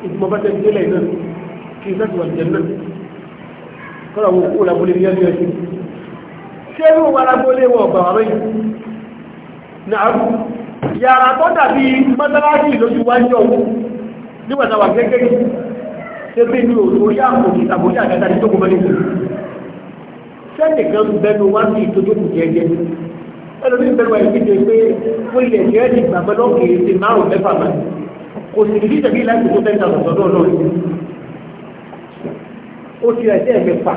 ìgbọ̀nbátẹ̀ ìdílẹ̀ náà kí ìfẹ́sùwà jẹ́ náà kọ́lọ̀ wọ́n kó lábúlé ní ọdún ẹ̀sìn ṣé wọ́n wà lábúlé wọ́n ọ̀gbà wà mẹ́yìn náà yàrá tó dàbí mọ́sálásí lójú wájọ́ nígbàtà wà gẹ́gẹ́ ṣébí ní orí àkòkì àbòjá àgbàtà ní tókùnbẹ́ ní sẹ́nìkan bẹnu wá sí ìtójókù jẹ́jẹ́ ẹlòmí bẹnu wà ìpín jẹ́ pé ó ilẹ̀ jẹ́ ti gbàgbẹ́ lọ́kèé ti márùn mẹ́fà mà kò sì ní ìtẹ̀bí láti tó tẹ́ta lọ́sọ̀dọ̀ náà ó ti rẹ̀ sí ẹ̀mẹ́fà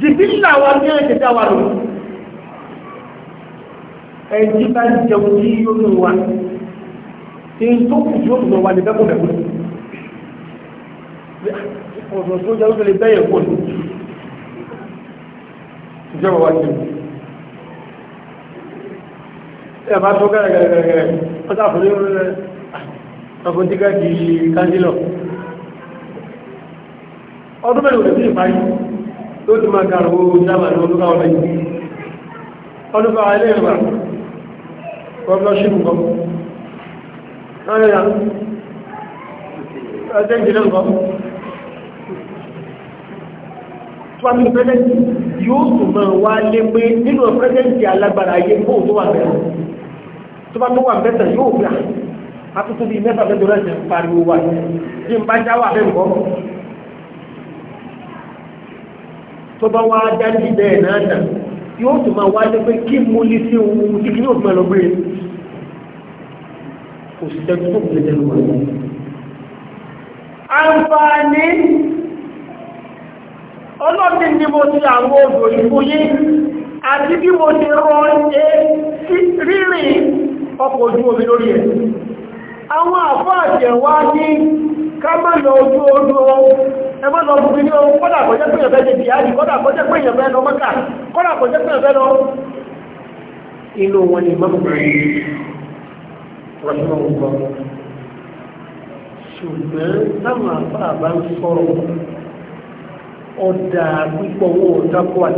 jìbìlà wa ní ẹ̀jẹ̀ dá wa lò ẹ̀jẹ̀ bá jẹun tí yóò mú wa èyí tó kù tí ó tún lọ wa ní bẹ́kùn bẹ́kùn ọ̀sán tó jẹ́ lókèlè bẹ́yẹ̀ pọ̀ ní ìjọba wa jẹun ẹ̀ bá tó gẹ́rẹ́gẹ́rẹ́gẹ́rẹ́ ọjọ́ àfọ̀lẹ́ ọkùn tí ká di káńsílọ̀ ọdún mẹ́rin ò lè fi ìparí tó ti máa kàrò owó jábà ní olúkà ọ̀rẹ́ yìí ọdún bá ilé ìrìnà gọ́ọ̀lọ́ṣìpù kan láàrin ya ẹjẹ́ ìjìnlẹ̀ nǹkan tó àti pẹ́lẹ́ntì yóò tún máa wá lé pé nínú pẹ́lẹ́ntì tó bá wá dájú bẹ́ẹ̀ náà nà yóò tún máa wáyé pé kí mo lè fi ohun tí kí yóò tún máa lọ gbé e. kò sí tẹ́tù tó kù lẹ́nu wa. àǹfààní ọlọ́ọ̀dún ni mo ti àwọn odò ìfúyé àti bí mo ti rọ ẹ rírìn ọkọ̀ ojú omi lórí ẹ̀ àwọn àfáàjẹ̀ wá ní ká má lọ ojú ojú o ẹ má lọ bùbí ní o kọ́dà kò jẹ́ pé èèyàn fẹ́ ṣe jìyàjì kọ́dà kò jẹ́ pé èèyàn fẹ́ lọ mọ́kà kọ́dà kò jẹ́ pé èèyàn fẹ́ lọ inú wọn ni mọ́kùnrin rọ̀ṣùmọ̀ gbọ́ ṣùgbọ́n táwọn àpá bá ń sọ̀rọ̀ ọ̀dà pípọ̀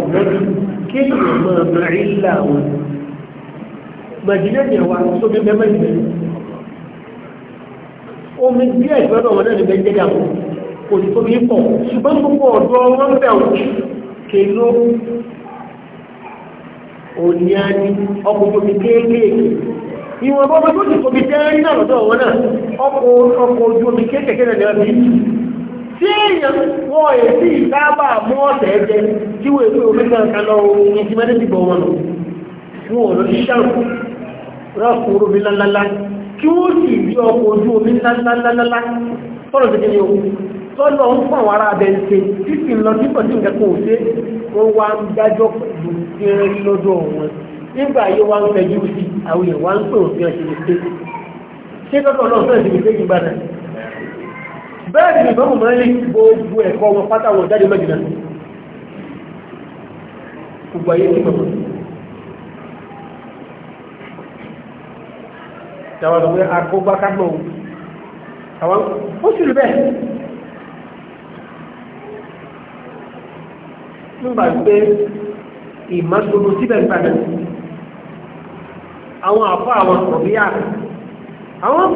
omi díẹ̀ lọ́dọ̀ wọn náà ní bẹ́ẹ̀ jẹ́gà mọ́ kò sí tóbi pọ̀ ṣùgbọ́n gbogbo ọ̀dọ́ wọn bẹ̀ kélo òní á ní ọkọ̀ tóbi kéékèèké ìwọ̀n bọ́ bọ́ tó ti tóbi tẹ́rí náà lọ́dọ̀ wọn náà ọkọ̀ ọkọ̀ ojú omi kéékèèké náà ní ọdún yìí tí èèyàn wọ́n èyí sí ìsábà mú ọ̀sẹ̀ ẹ̀jẹ̀ tí kí ó sì rí ọkọ̀ ojú omi ńláńláńlá tọ́lọ̀ tẹ́kẹ́ ni ohun tọ́lọ̀ ń fún àwọn ará abẹ́ ṣe títí lọ sí pẹ̀lú nǹkan kò ṣe ó wá ń dájọ́ pẹ̀lú kéré lọ́dọ̀ wọn nígbà wá ń sí wá ń òfin ṣé náà ṣe bẹ́ẹ̀ sì ní gbogbo ẹ̀kọ́ wọn pátá wọn gbogbo tàwọn ọ̀dọ̀ pé àkógbá kágbọ̀ àwọn ó sì rí bẹ́ẹ̀ nígbà pé ìmọ́sọ̀rọ̀ síbẹ̀ nípadà àwọn àfọ́ àwọn ọ̀bíyà àwọn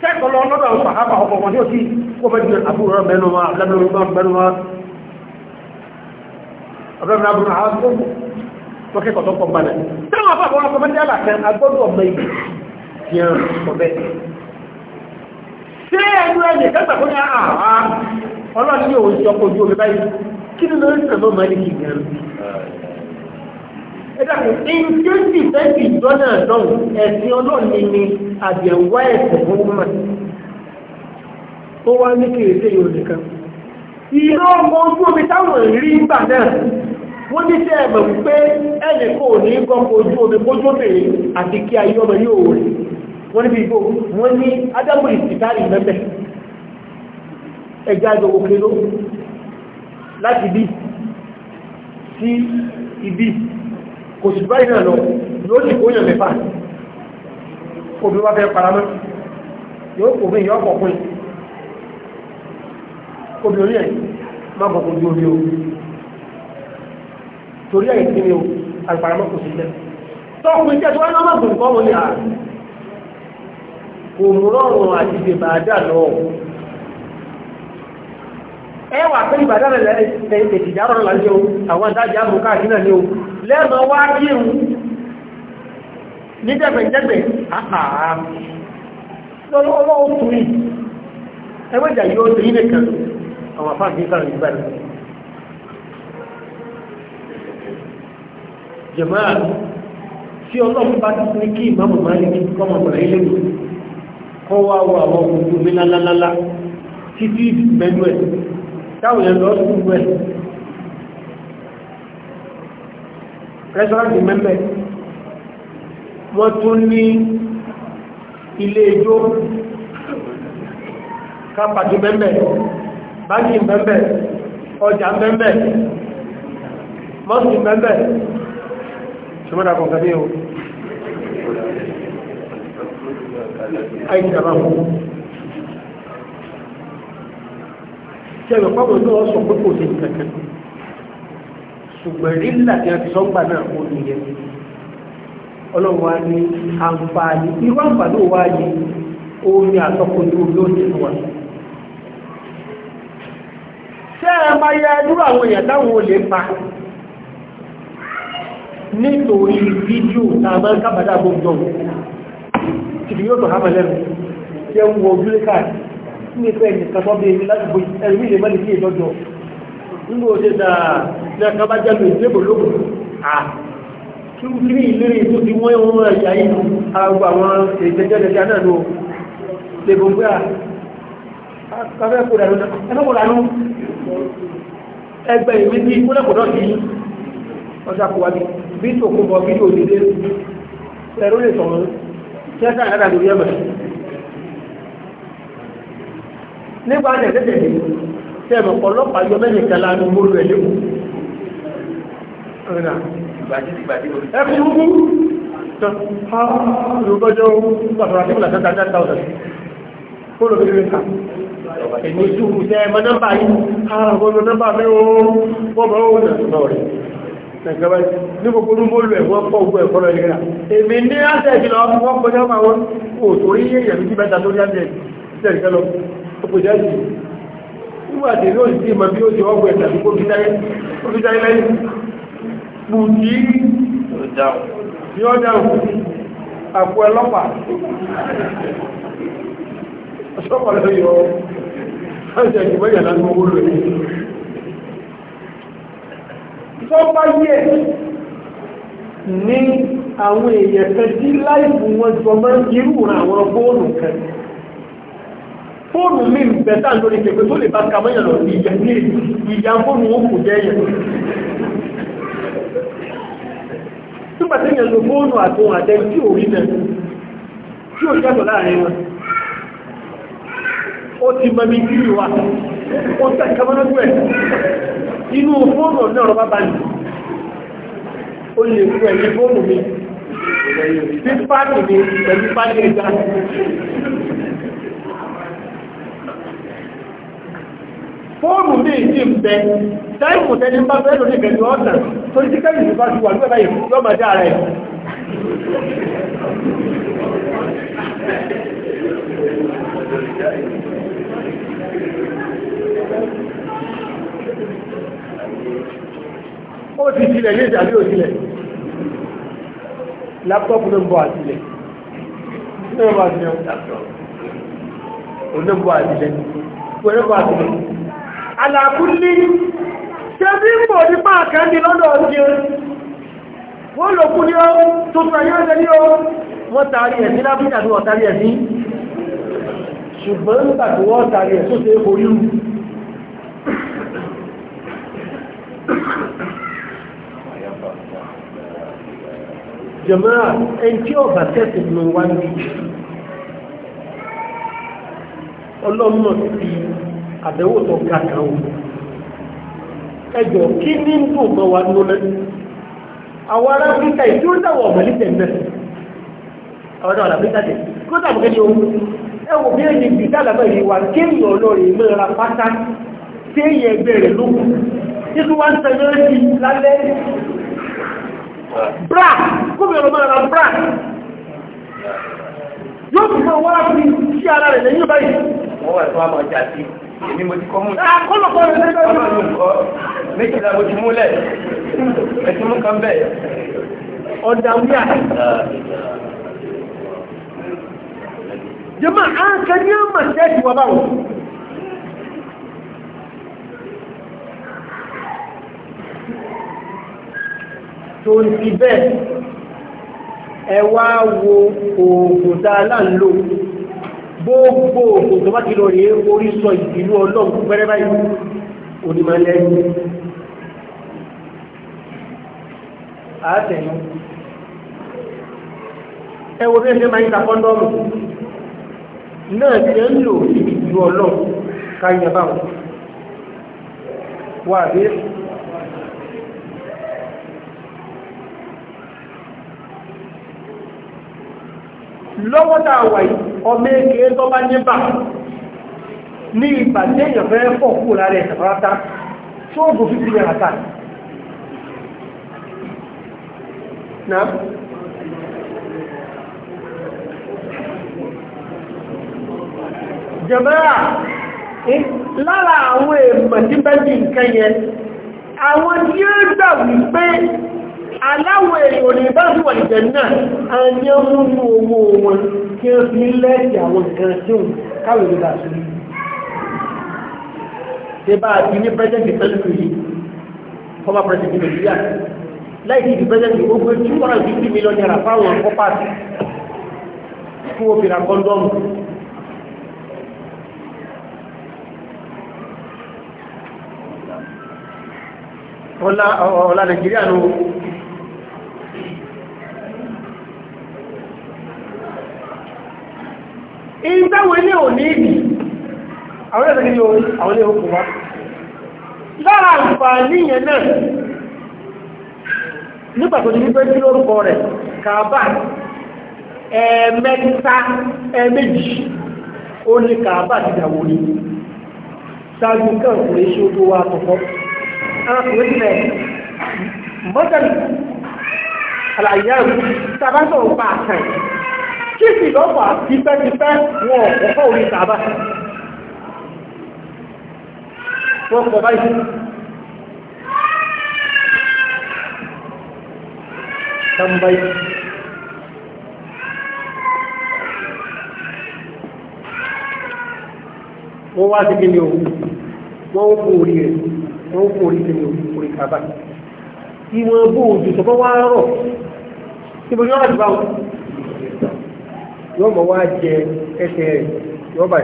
kẹ́kọ̀ọ́ lọ́dọ̀ àwọn sàhábà ọkọ̀ wọn ní òsì kó bẹ́ jù àbúrò mẹ́nu wa lẹ́nu wa mẹ́nu wa ọ̀dọ́rin abúrò àwọn akẹ́kọ̀ọ́ tó pọ̀ gbálẹ̀ fi hàn ọbẹ̀. ṣé ẹnu ẹni kẹta fún yà áhà ah, ah, ọlọ́run ní òun jọkọ̀ ojú omi báyìí kí ni lórí sàmọ́ máa ní kìí gan ẹ dàpọ̀ ìjọ́sì fẹ́ẹ̀sì ìjọ náà dọ̀hùn ẹ̀sìn ọlọ́ọ̀ni ni àbẹ̀wá ẹ̀sẹ̀ fún mọ́ ó wá ní kí èdè yóò nìkan ìró ọmọ ojú omi táwọn ìrí ń bà náà wọ́n ní sẹ́ẹ̀mọ̀ pé ẹnì kò ní gọ́kọ̀ ojú omi kójú omi àti kí ayé ọmọ yóò rí wọ́n níbi ìbò wọ́n ní ádámù ìsìtárì mẹ́fẹ́ ẹgbẹ́ àjọ òkè ló láti bí sí ibi kò sì báyìí náà lọ yóò sì kó yàn mẹ́fà òbí wá fẹ́ paramọ́ yóò kò mí yọ ọkọ̀kùn òbí orí ẹ̀ má bọ̀kùn ju orí o torí ẹ̀ ìsinmi o àgbàramọ́ kò sí jẹ́ tọ́kùn ìjẹ́ tó wá náà má gbòǹkọ́ wọn ni àárín kò mú rọrùn àti ìbàdà lọ ẹwà pé ìbàdà rẹ̀ ìdìdárọ̀ láti o àwọn àdájá mú káàkiri náà ní o lẹ́mọ wá kí n ní jẹ́gbẹ̀jẹ́gbẹ̀ àhàá lọ́wọ́ ọkùnrin ẹwẹ́jà yóò tó yí nìkan àwọn afáàkì kan ìgbà rẹ̀ jẹ̀mọ́ àrùn tí ọlọ́pàá ti ní kí ìmọ̀ máa ní kí kọ́mọ̀ mọ̀ ilé mi kọ́ wá wọ àwọn òkúkú mi lálálálá títí mẹ́nu ẹ̀ táwọn ẹ̀ lọ sùn ẹ̀ rẹ́sọ́rọ̀dì mẹ́mẹ́ wọ́n tún ní ilé ijó kápàtí mẹ́mẹ́ báńkì mẹ́mẹ́ ọjà mẹ́mẹ́ mọ́sí mẹ́mẹ́ ṣùgbọ́n àkọ̀kẹ́ ní o àìsàrà fún ṣẹlẹ̀ pàwọn náà sọ pé kò sí kankan ṣùgbọ́n rílà tí a ti sọ́gbà náà kò ní yẹn ọlọ́wọ́ á ní àǹfààní irú àǹfààní òwò ayé omi àtọkùnrin omi ó ti wà ṣé ẹ máa yẹ dúró àwọn èèyàn táwọn olè pa nítorí fídíò tá a máa kábàdà gbogbo ìdí yóò tó hàn mẹ́lẹ́nu tí ẹ ń wọ ojúlé káàkiri ní ìfẹ́ ìnìkan tó bí èmi láti bo ẹ̀rí ilé mẹ́lẹ́ sí ìjọjọ nínú òde dáa ní ẹ̀ka bá jẹ́ lóyún débò lóko à kí wọ́n ti ní ìlérí tó ti wọ́n wọn ẹ̀yà yìí àwọn àwọn ìjẹjẹrẹ náà lò lébò ń gbé à káfẹ́ kó dànù ẹ má kó bí bí tòkó bọ ẹ̀rọ lè sọ̀rọ̀ kí ẹ sáà dáadáa lórí ẹ̀mọ̀ nípa tẹ̀tẹ̀tẹ̀ tẹ̀mọ̀ ọlọ́pàá yọ mẹ́rin kan lánàá mú rẹ̀ lẹ́kọ̀ọ́ ọ̀nà ìbàdí ìbàdí ẹkùn gbogbo tọ́ ha lùgbọ́jọ́ pàtàkì àti ìlànà tàbí àtàwọn kólò bí rí ká èmi ìṣúkú tẹ́ ẹmọ nọ́mbà yìí nàìjíríà ní gbogbo ní mọ́lù ẹ̀wọ́n pọ̀ ogun ẹ̀kọ́ lọ ìlera èmi ní àṣẹ́jì lọ wọ́n kọjá máa wọ́n kò torí èèyàn ní bẹ́ta lórí àṣẹ́jì lọ òpòjá jù nígbà tí yóò sí ìmọ̀ bí ó ti ọgbọ̀ ẹ̀ta tó kóbi táyé kóbi táyé lẹ́yìn mú kí yóò dáhùn àpò ẹlọ́pàá ọ̀ṣọ́pàá lọ yọ ọ̀ṣẹ́ ìgbẹ́yàn láti mọ́ tó bá ní àwọn èèyàn kan tí láìpù wọn jọ irú àwọn kan fóònù mi bẹ̀tà lórí pẹ̀pẹ̀ tó lè bá kàmọ́yàn lọ sí ìyá fóònù ó kù jẹ́ yẹn nígbà tí èèyàn lo fóònù àtòhun àtẹ tí ò rí tí jẹ́tọ̀ láàrin wọn ó ti inú fóònù náà rọ bábá ní ó lè fún ẹ̀yìn fóònù mi tí pàtì mi pẹ̀lú pàtì ìgbà fóònù ní ìdí ìbẹ̀ táìmù tẹ́lẹ̀ ń bá fẹ́ lórí ìbẹ̀lú ọ̀sán tó jí kẹ́yìn ìbá Thank you. ó ti tilẹ̀ ní ìdàbí òtilẹ̀ láptọ́pù ló ń bọ̀ àtilẹ̀ ní ọba àti ẹ̀wọ̀n ló ń bọ̀ àtilẹ̀ pẹ̀lú bọ̀ àtilẹ̀ alákúlí ṣe bí ń bọ̀ ní páàkẹ́ ní lọ́dọ̀ ọdí wọ́n lò kú ní ọ tuntun ẹ̀yọ́ ẹ̀dẹ́ ní ọ wọ́n taari ẹ̀sí lábíjà ní ọ̀tarí ẹ̀sí ṣùgbọ́n nígbà tí wọ́n taari ẹ̀só ṣe é borí jọmọ́ra ẹni tí ó bá tẹ́sì ló wá ní ọlọ́mọ ti àbẹ̀wò tó ga kan o ẹjọ́ kí ní ń dùn mọ́ wa lónà àwọn ará pítà ìdí ó dáwọ̀ ọ̀mọ̀lẹ́ tẹ̀lé àwọn dáwọ̀ làbí tàdé kó dà mọ́kẹ́ ní o ẹwọ bí ẹni bí dálàbẹ̀ yìí wà kéèyàn ọlọ́rin mẹ́ra pátá kéèyàn ẹgbẹ́ rẹ̀ lókun nítorí wá ń tẹ̀lé lálẹ́ bra gómìnà ọmọ ara bra yóò fi mọ wá fi sí ara rẹ̀ lẹ́yìn báyìí. wọ́n wà tó àmọ́ ọjà sí èmi mo ti kọ́ mú. àkọlọ́kọ́ ah, rẹ̀ lẹ́gbẹ̀ẹ́ ọmọ mi kọ́ méjìlá mo ti múlẹ̀ ẹ̀sìn mú kan bẹ́ẹ̀. ọ̀dà wíyà. jẹ́mọ̀ àǹkà ní àmà tẹ́ẹ̀tì wa báwọn. tó ń ti bẹ́ẹ̀ ẹ wá wo oògùn tá a láà ń lò gbogbo oògùn tó bá ti lọ rèé orí sọ ìbínú ọlọ́run pẹ́rẹ́ báyìí onímọ̀ lẹ́yìn àátẹ̀yìn ẹ wo bí ẹ ṣe máa ń ta kọ́ńdọ́ọ̀mù náà ti ń lò ìbínú ọlọ́run káyẹ̀ báwọn wà bí lọ́wọ́ dáwà yìí ọmọ èké tó bá níbà ní ìgbà tí èèyàn fẹ́ pọ̀ kú lára ẹ̀ sàfárátá tí ó bò fífi rẹ̀ àtà náà jẹ̀mẹ́rà lára àwọn èèmọ̀ tí bẹ́ aláwọ̀ èèyàn ní bá sí ìjẹ̀ náà a ní ọmọ inú owó wọn kí ó fi lẹ́ẹ̀kì àwọn nǹkan tí ó káwẹ̀ lè bà sí rí ṣe bá ti ní pẹ́jẹ́ntì pẹ̀lú yìí fọ́mà pẹ́jẹ́ntì nàìjíríà láìsí ìdí pẹ́jẹ́ntì ó gbé 250 million naira fáwọn kọ́pàtì fún òfin àkọ́ndọ́mù ọlá nàìjíríà ló in táwọn ilé ò ní ìbì àwọn ilé ìlú àwọn ilé òkú wá lára àǹfààní yẹn náà nígbà wípé tí lórúkọ rẹ̀ kàbà ẹ̀ẹ̀mẹ́ta ẹ̀ẹ̀méjì ó ní kàbà ti dàwó ní ṣáájú kan kò lè ṣe àkọ́kọ́ kí sì lọ́pàá tipẹ́tipẹ́ wọn ọ̀pọ̀ orí tàbá wọ́n báyìí tambayi wọ́n wá sí kíni òun wọ́n ó kú rẹ̀ wọ́n ó kú orí kíni òun orí kàbá ìwọ̀n bóòjù sọ wá rọ̀ síbi ní ọ̀rọ̀ yóò mọ̀ wá jẹ ẹsẹ̀ rẹ̀ yóò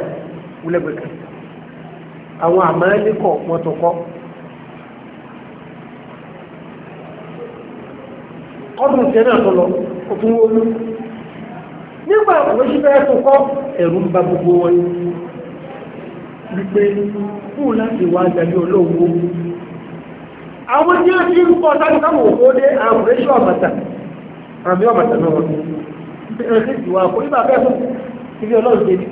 àwọn àmọ́lẹ́kọ̀ wọn ọdún tẹ náà tó òfin olú nígbà òwe tó kọ́ ẹ̀rù gbogbo wọn wípé kú láti wá jàbí àwọn tí ó ń àwọn ọ̀bàtà àmì ọ̀bàtà náà ẹ̀rẹ́sì ìwà àpò ìgbà bẹ́ẹ̀ fún ilé ọlọ́run ṣe ní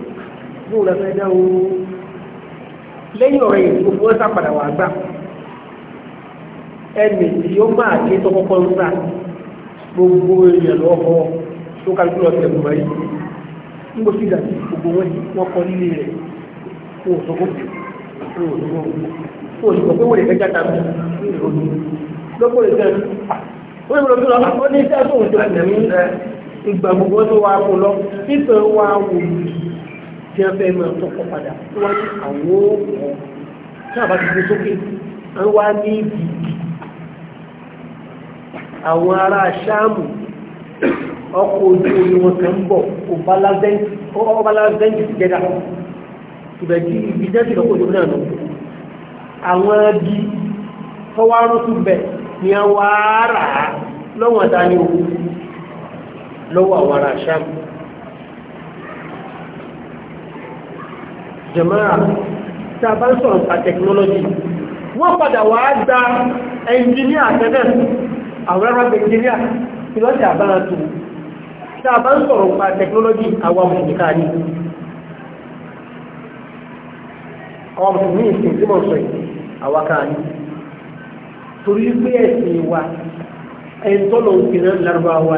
ìlú rẹ̀ fẹ́ dá o lẹ́yìn ọ̀rẹ́ yìí gbogbo ẹ̀ sàpàdà wà gbà ẹnì tí ó máa ké tọkọkọ ń rà gbogbo èèyàn lọ́kọ tó kálukú lọ tẹ̀ mọ́ yìí ń gbọ́ sí ìdàtí gbogbo wọn yìí wọ́n kọ́ nílé rẹ̀ kó o sọ́kó kó o sọ́kó kó o sọ́kó pé wọ́n lè fẹ́ játa mi ní ìròyìn lọ́pọ̀ lè fẹ́ wọ́n lè fẹ́ lọ́pọ̀ ní iṣẹ́ tó ń jọ ìgbà gbogbo tó wà kó lọ nítorí wà wò ó tí wọ́n fẹ́ máa tọkọ padà tó wá ní àwọn òkò tí àbá ti gbé sókè à ń wá ní ìdí àwọn ará sáàmù ọkọ̀ ojú omi wọn kan ń bọ̀ ọba lazẹ́ǹtì ti jẹ́dá ìbẹ̀ tí ibi jẹ́ ìlọ́kọ̀ ojú náà lọ àwọn agi tọwárọ́ tún bẹ̀ ni àwọn ará lọ́wọ́n ta òkú lọ́wọ́ àwọn ará sham jẹmọ́ra tí a bá ń sọ̀rọ̀ nípa technology wọ́n padà wà á gba ẹnjìníà tẹ́lẹ̀ àwọn ará tí àbára tó tí a bá ń sọ̀rọ̀ nípa technology àwọn mùsùlùmíkà ní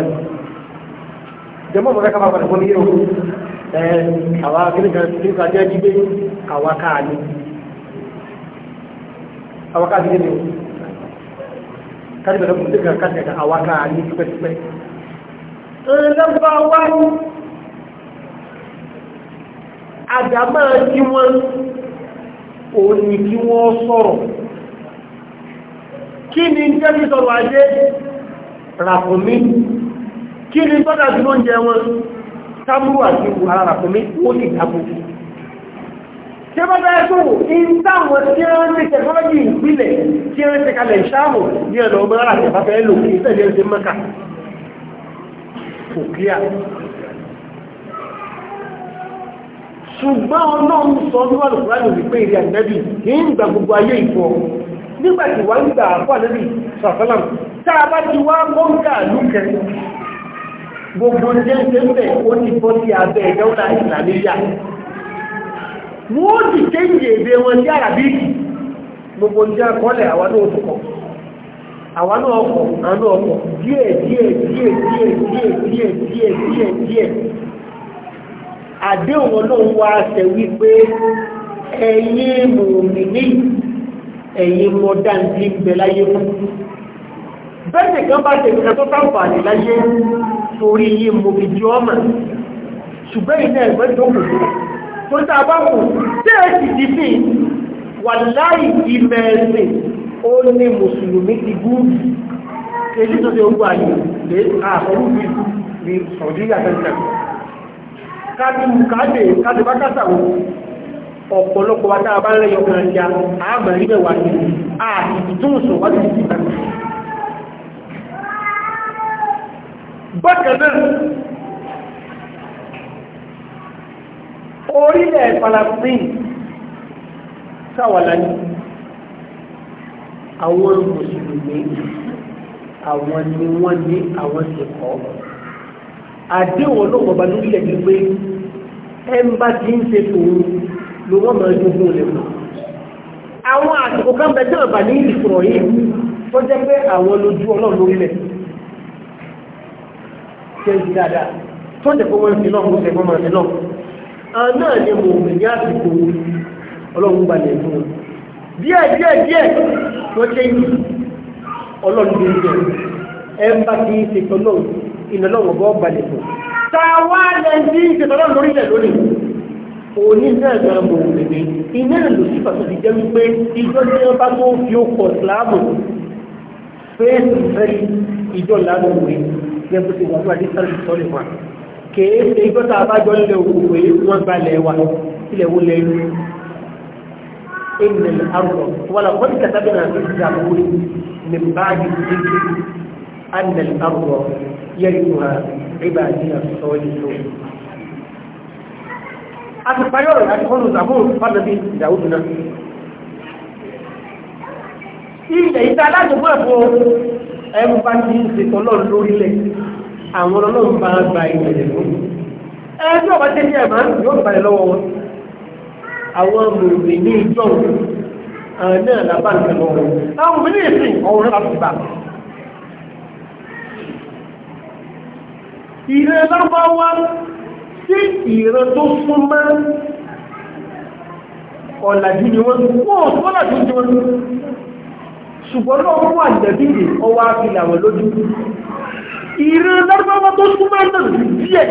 ní jẹmọ́ mọ̀ kẹ́kọ̀ọ́ pàtàkì fún yíò ẹ àwa kíníkà kíníkà jẹ́ jígbé àwa káà ní àwa káà ní kíníkà káàdì bẹ̀rẹ̀ fún kíníkà káàdì kẹ́kà àwa káà ní pípẹ́pípẹ́ ẹ̀lẹ́gbàwá àdàmà kí wọ́n òun ni kí wọ́n sọ̀rọ̀ kí ni jẹ́ bí sọ̀rọ̀ ajé ràkùnmí kí ni tọ́dá tí ló ń jẹ wọn tábúrú àti ìwò ara ràkúnmí ó sì dábò ṣe bá dáa tó in táwọn tí ó ń tẹ́ tẹ́kọ́lọ́jì ìpìlẹ̀ tí ó ń tẹ́ kalẹ̀ ìṣàmù ní ọ̀nà ọmọ ara tẹ̀fà fẹ́ lò kí ìfẹ́ ìdíyẹn ti mọ́ka kò kíá ṣùgbọ́n ọlọ́run sọ ní wàlù kúránì wípé ìrì ànẹ́bì kì í gbà gbogbo ayé ìfọ́ nígbàtí wà ń gbà àpọ̀ ànẹ́bì sàfẹ́làm gbogbo jẹ́ńtẹ́ bẹ̀ ó ti bọ́ sí abẹ́ ìdẹ́wọ́lá ìsìlámíyà wọ́n ti kéyìí èdè wọn sí àràbíkì gbogbo jẹ́ akọ́lẹ̀ àwọn náà tó kọ̀ àwọn náà ọkọ̀ àwọn náà ọkọ̀ díẹ̀ díẹ̀ díẹ̀ díẹ̀ díẹ̀ díẹ̀ díẹ̀ díẹ̀ díẹ̀ àdéhùn ọlọ́run wá ṣe wípé ẹ̀yin mùmìnì ẹ̀yin mọ̀dáǹdì ń bẹ láyé fún bẹ́ẹ̀ nìkan bá ṣe nǹkan tó sáǹfààní láyé torí yí mo fi di ọmọ ṣùgbọ́n iná ẹ̀gbẹ́ tó kù tó tá a bá kù tí ẹ sì ti sí wà láì ìmẹ̀ ẹ̀sìn ó ní mùsùlùmí ti gúúdù èyí tó ṣe ogun àyè lé àkọlù bí ní sọ̀dí àtẹ̀tẹ̀ kájú káde káde bá kásàwò ọ̀pọ̀lọpọ̀ wa tá a bá lẹ́yọ̀ kan ya àmọ̀ ìbẹ̀wà ní àti ìtúnṣọ̀ wájú sí bákanáà orílẹ̀ Palestine sáwàlá ní àwọn mùsùlùmí àwọn ni wọ́n ní àwọn ti kọ́ àdéhùn olóòwò ọba lórílẹ̀ ní pé ẹmbá ti ń ṣe tòun ló wọ́n máa jogún lè mọ̀ àwọn àsìkò kan bẹ̀ tí wọ́n bà ní ìfọ̀rọ̀ yìí tó jẹ́ pé àwọn lójú ọlọ́run lórílẹ̀ ṣe ń di dáadáa tó jẹ́ fún wọn fi náà mú ṣe fún wọn fi náà àwọn náà ni mo rìn ní àsìkò ọlọ́run gba lè fún wọn díẹ̀ díẹ̀ díẹ̀ tó ṣe ń yìí ọlọ́run ló ń jẹ ẹ ń bá ti ń ṣe tọ́lọ́ ìnáwó bọ́ gba lè fún ta wá lẹ́ndí ìṣètọ́lọ́ lórí ilẹ̀ lónìí òní náà gbọ́dọ̀ mọ̀ òun iná ìlú sí pàtó jẹ́ wípé ìjọ tí wọ́n tó fi ó pọ̀ síláàmù fẹ́ẹ́ fẹ́ ìjọ lánàá wẹ̀ yẹ bó ti wà ní àdísà lè sọ nìkan kèé ṣe ìgbọ́ta àbájọ ilẹ̀ òkùnkùn èyí wọ́n gba ilẹ̀ wa ilẹ̀ wo lẹ́nu إن الأرض ولقد كتبنا في الزبور من بعد الذكر أن الأرض يرثها عبادي الصالحون أتفايور أتفايور الزبور فالذي داودنا ilẹ̀ ìta aláàjò fún ẹ̀rù bá ti ń ṣe tọ́lọ́ lórílẹ̀ àwọn ọlọ́run bá gba ìbẹ̀rẹ̀ fún ẹjọ́ bá tẹ́ ní ẹ̀mà yóò balẹ̀ lọ́wọ́ wọn àwọn mùrùmí ní ìjọ àwọn náà lábá ń tẹ̀lọ́ wọn àwọn òbí ní ìsìn ọ̀run náà láti bá ìrẹ́ lọ́gbọ́wá sí ìrẹ́ tó súnmọ́ ọ̀làjú ni wọ́n kó ọ̀sọ́làjú ni wọ́n ṣùgbọ́n náà wọ́n wà nẹ́bìrì ọwọ́ àfihàn àwọn lójú ìran lọ́gbọ́n tó súnmọ́ náà díẹ̀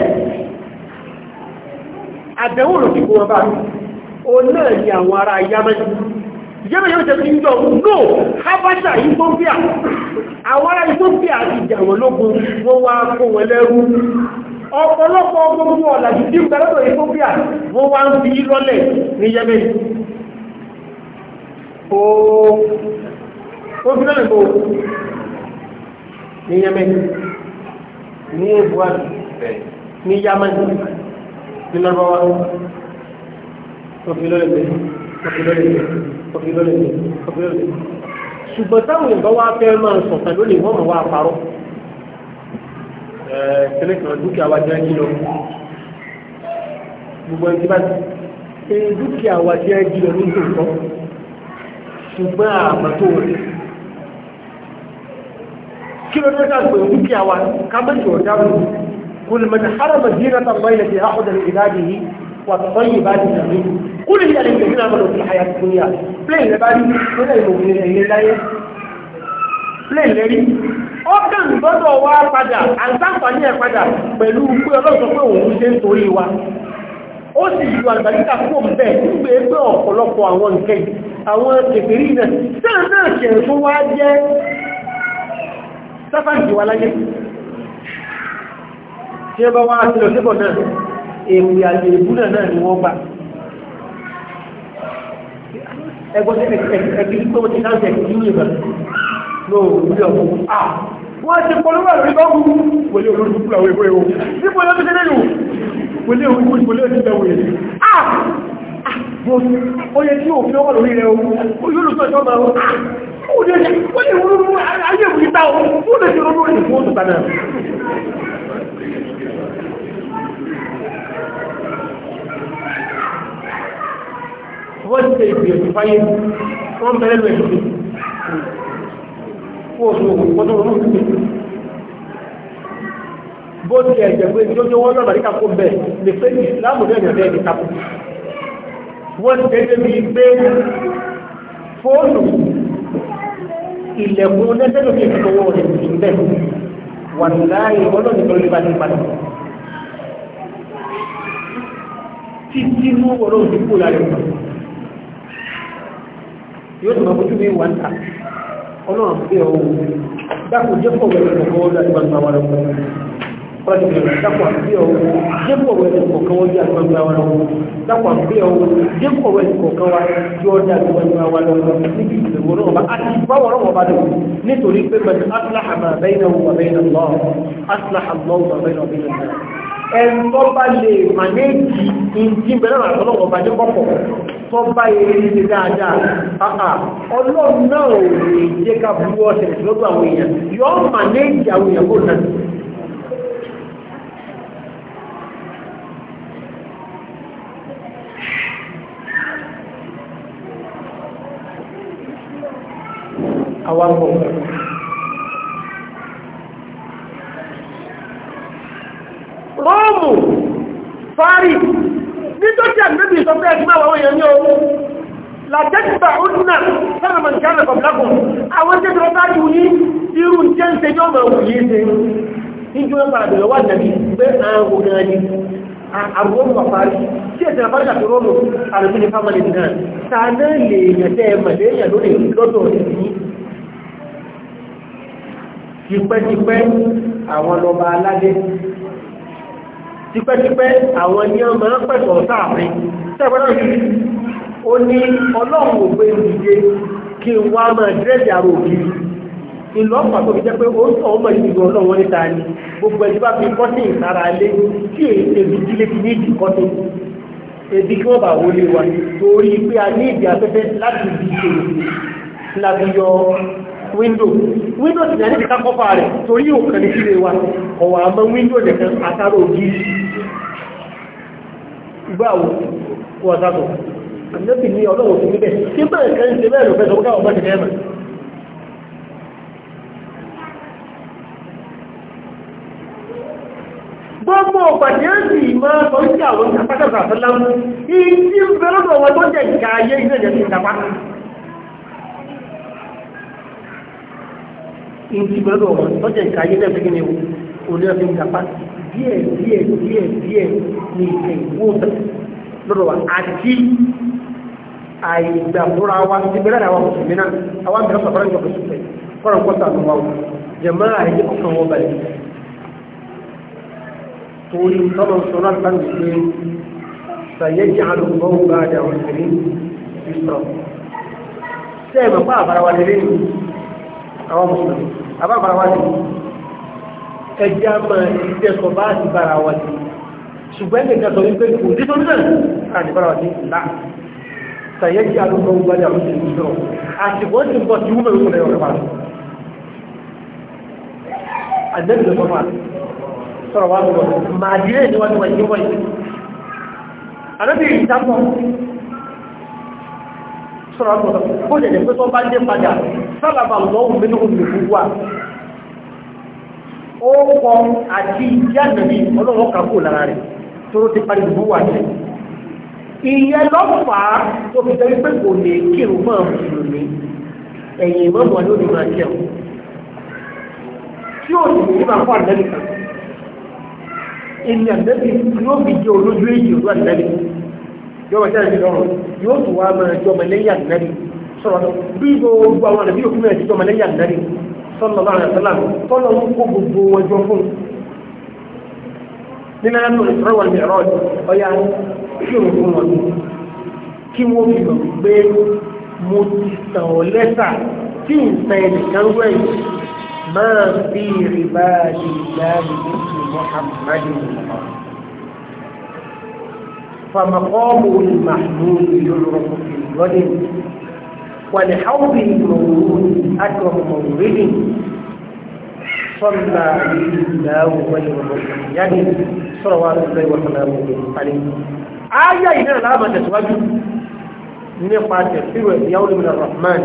àdẹ̀wò rẹ̀ kó wọn bá o náà ni àwọn ará yámẹ́jì yẹ́mẹ̀ yóò no habasha Ethiopia àwọn ará Ethiopia àti ìjàwọn lógun wọ́n wá kó wọn lẹ́rú ọ̀pọ̀lọpọ̀ gbogbo ọ̀làjú tí ń bẹ̀rẹ̀ lọ Ethiopia wọ́n wá ń fi lọ́lẹ̀ ní yẹ́mẹ̀ wọ́n fi náà bò ní yemen ní ebuwan ní yaman ní lọ́wọ́ òfìlólèpé òfìlólèpé òfìlólèpé òfìlólèpé ṣùgbọ́n táwọn ìbọn wá fẹ́ máa sọ̀tàn lónìí wọ́n mọ̀ wá parọ́ tẹ́lẹ̀ kan dúkìá wa jẹ́ kí lọ gbogbo ẹni tí bá ti dúkìá wa jẹ́ kí lọ ní ìgbòkọ́ ṣùgbọ́n àmọ́ tó wọlé kí ló dé ká gbé dúkìá wa ká má ṣe ọ̀dá mu kul man harama zinata allahi lati akhadha li ibadihi wa tayyibati min kul hiya lil ladina amanu fi hayati dunya play le bari ko le mo ni le láyé play le ri ó kàn gbọ́dọ̀ wá padà àǹfààní ẹ̀ e padà pẹ̀lú pé Ọlọ́run sọ pé òun ṣe ń torí wa ó sì ju àgbàdíkà fún bẹ́ẹ̀ nígbè pé ọ̀pọ̀lọpọ̀ àwọn nǹkan àwọn kèfèrí náà náà náà ṣẹ̀rẹ̀ tó wá jẹ́ sáfàǹdì wà láyé tí ó bá wá sílọ síbọ̀ náà èrè àyè ìbúnà náà ni wọ́n gbà ẹgbọ́n ẹgbẹ́ tó ti náà jẹ́ ìlú ìbà ló rí ọkùn ah wọ́n ti polówó àrí bọ́kú wọlé olóòrùn púpọ̀ àwọn ìwé o nípo ló ti dé lẹ́yìn wọlé olóòrùn wọlé ti bẹ̀ wọlé ah ó yẹ tí òfin ọwọ́ lórí rẹ̀ o olóòrùn tó ìjọba o ó dé gbà náà. wọ́n ti ṣe ìgbìyànjú fáyé wọ́n bẹ̀rẹ̀ lọ ìlú kó o tó kó tó rú sí bó ti ẹ̀jẹ̀ pé jójó wọ́n lọ́nà níka kó bẹ̀ lè pé ìsìláàmù ní ẹ̀yàn lẹ́yìn níka kó wọ́n ti ṣe bí pé fóònù ilẹ̀kùn lẹ́sẹ̀ lókè ìfowó rẹ̀ bẹ́ẹ̀ wà láàyè ọlọ́ọ̀ni tó lè bá ní padà. títí mú ọ̀rọ̀ òsì kú lára ẹ̀kọ́ yóò tó máa fojú mi wà ń ta ọlọ́run fẹ́ ọ̀hún dákùn jẹ́ pọ̀ lọ́wọ́ láti bá ń bá wa lọ́wọ́ rajulun takwa biyo jimbo wani kokawa ya gbagba wani wu takwa biyo jimbo wani kokawa yóò dá gbagba wani wu níbi ìgbèrò ọba àti ìgbàwọ̀n ọba lè wù nítorí pé mẹ́ta aslaha ma bẹ́yìn ọwọ́ bẹ́yìn ọlọ́ aslaha Allah bẹ́yìn ọbẹ̀ yẹn náà ẹ̀ńtọ́ bá lè mànéjì ìdí bẹ̀rẹ̀ àwọn ọlọ́wọ́ ọba ní kọ́kọ́ tó bá yẹ ní ti dáadáa àà ọlọ́run náà ò lè jẹ́ ká burú ọ̀sẹ̀ lọ́dọ̀ àwọn èèyàn yọ́ mànéjì àwọn èèyàn kò náà awakọ̀ róòmù fari nítorí àgbébì ìsọ̀fẹ́ ẹgbẹ́ àwọn èèyàn ní owó làjẹ́gbà òdínà sẹ́rẹ̀mọ̀ ìjánà pọ̀blákùn àwọn jẹ́gbẹ̀rẹ̀ bá jù ní irú jẹ́ ń se yọ́mọ̀ òun yìí se níjú ẹgbà àbẹ̀lẹ̀ wà nàbí pé àwọn ògùn ẹni àrùn wà fari tí ẹ̀sẹ̀ àbárí àti róòmù àrùn tipẹ́tipẹ́ àwọn lọba aládé tipẹ́tipẹ́ àwọn ní ọmọ pẹ̀tọ̀ sáàrin tẹ́gbẹ́rẹ́ yìí ó ní ọlọ́run ògbé ìdíje kí wá máa dírẹ́sì àrò ògiri ìlú ọ̀pàá tó fi jẹ́ pé ó ń tọ̀ ọmọ ìdíje ọlọ́run wọn níta ni gbogbo ẹ̀jú bá fi kọ́tì ìsára lé kí èdè ìdílé fi ní ìdí kọ́tì ebi kí wọ́n bá wọlé wa torí pé a ní ìdí afẹ́fẹ́ láti di window window ti dàní ìka kọfà rẹ̀ torí òkàn ní sílé wa ọ̀wà àmọ́ window nìkan àtàrà òjì ìgbàwó kó ọ̀sátọ̀ àmì ní ọlọ́wọ̀ sí níbẹ̀ tí bẹ́ẹ̀ kan ṣe bẹ́ẹ̀ lọ́fẹ́ sọ́kọ́ ọmọ ti dẹ́mà gbogbo ọ̀pàdéẹ́sì máa sọ sí àwọn ìtàpátàpàtà lámú ìyí tí ń bẹ́rọ̀ ìdí gbọ́dọ̀ wọn lọ́jà ìkàyé náà fi kíni òní ọ̀fi ń gapá díẹ̀ díẹ̀ díẹ̀ díẹ̀ ní ìkẹ́ ìwòsàn lọ́dọ̀ wa àti àìgbàfúra wa ti bẹ̀rẹ̀ àwọn mùsùlùmí náà àwọn mìíràn sọ̀rọ̀ ìjọ kò sùpẹ̀ fọ́nà kọ́ta àmì wa jẹ̀mọ́ àìyé kọ̀kan wọn balẹ̀ torí tọ́nà sọ̀rọ̀ àgbàdo pé sàyẹ́jì àlùkò bá dà ọ̀sẹ̀ ní ìsọ̀rọ̀ sẹ́ẹ̀mọ̀ pàápàá wa lè rí àwọn mùsùlùmí abábára wá sí ẹjẹ́ àmà ìjẹ́sọ bá ti bára wá sí ṣùgbọ́n ní ìjẹ́sọ wípé kò dí tóbi náà àti bára wá sí ńlá sàyẹ́ kí alùpùpù ń gbájà ló ti ń sọ̀rọ̀ àsìkò ti ń bọ̀ sí wúmọ̀ ìwúlẹ̀ ọ̀rẹ́ wa àdébì ló sọ̀rọ̀ àgbọ̀dọ̀ bó jẹ̀jẹ̀ pé tó bá dé padà sábàbà lọ́wọ́ mẹ́nu òmìnir wà ó kọ àti ìyá nàbí ọlọ́wọ́ kàkó lára rẹ̀ tóró ti parí ìlú wà jẹ́ ìyẹn lọ́pàá tó fi jẹ́ pé kò lè kírun mọ́ mùsùlùmí ẹ̀yìn ìmọ̀mù wa lórí máa jẹun tí ó sì ní máa kọ́ àdánìkan ìyẹn àdánìkan yóò fi jẹ́ olójú èyí òru àdánìkan yóò wá sẹ́yìn lọ́rùn yóò tún wá máa jọmọ lẹ́yìn àdínárì sọ̀rọ̀ bí gbogbo àwọn àdàbí yòókù náà ti jọmọ lẹ́yìn àdínárì sọ́nà bá rẹ̀ sọ́nà tọ́lọ́ ń kó gbogbo wọn jọ fún nínú ẹnu ìṣòro wọn ní ẹ̀rọ ọ̀yà ṣòro fún wọn kí wọ́n fi mọ̀ pé mo ti sàn ọ́ lẹ́sà tí ń sàn ẹnìkan wẹ̀yìn máa fi rìbá àdìgbà àdìgbà Muhammadu Muhammadu فمقامه المحمود يعرف في الغد ولحوضه المورود أكرم مورد صلى به الله غير مقيد صلوات الله وسلامه عليه آية هنا الآن تتوجه nípa tẹ̀síwẹ̀ ìyáwó من الرحمن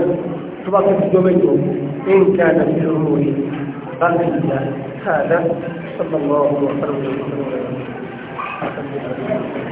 tó bá tó jọ mẹ́jọ in ká na fi هذا orí الله ìyá sáàdá sọ́pàá mọ́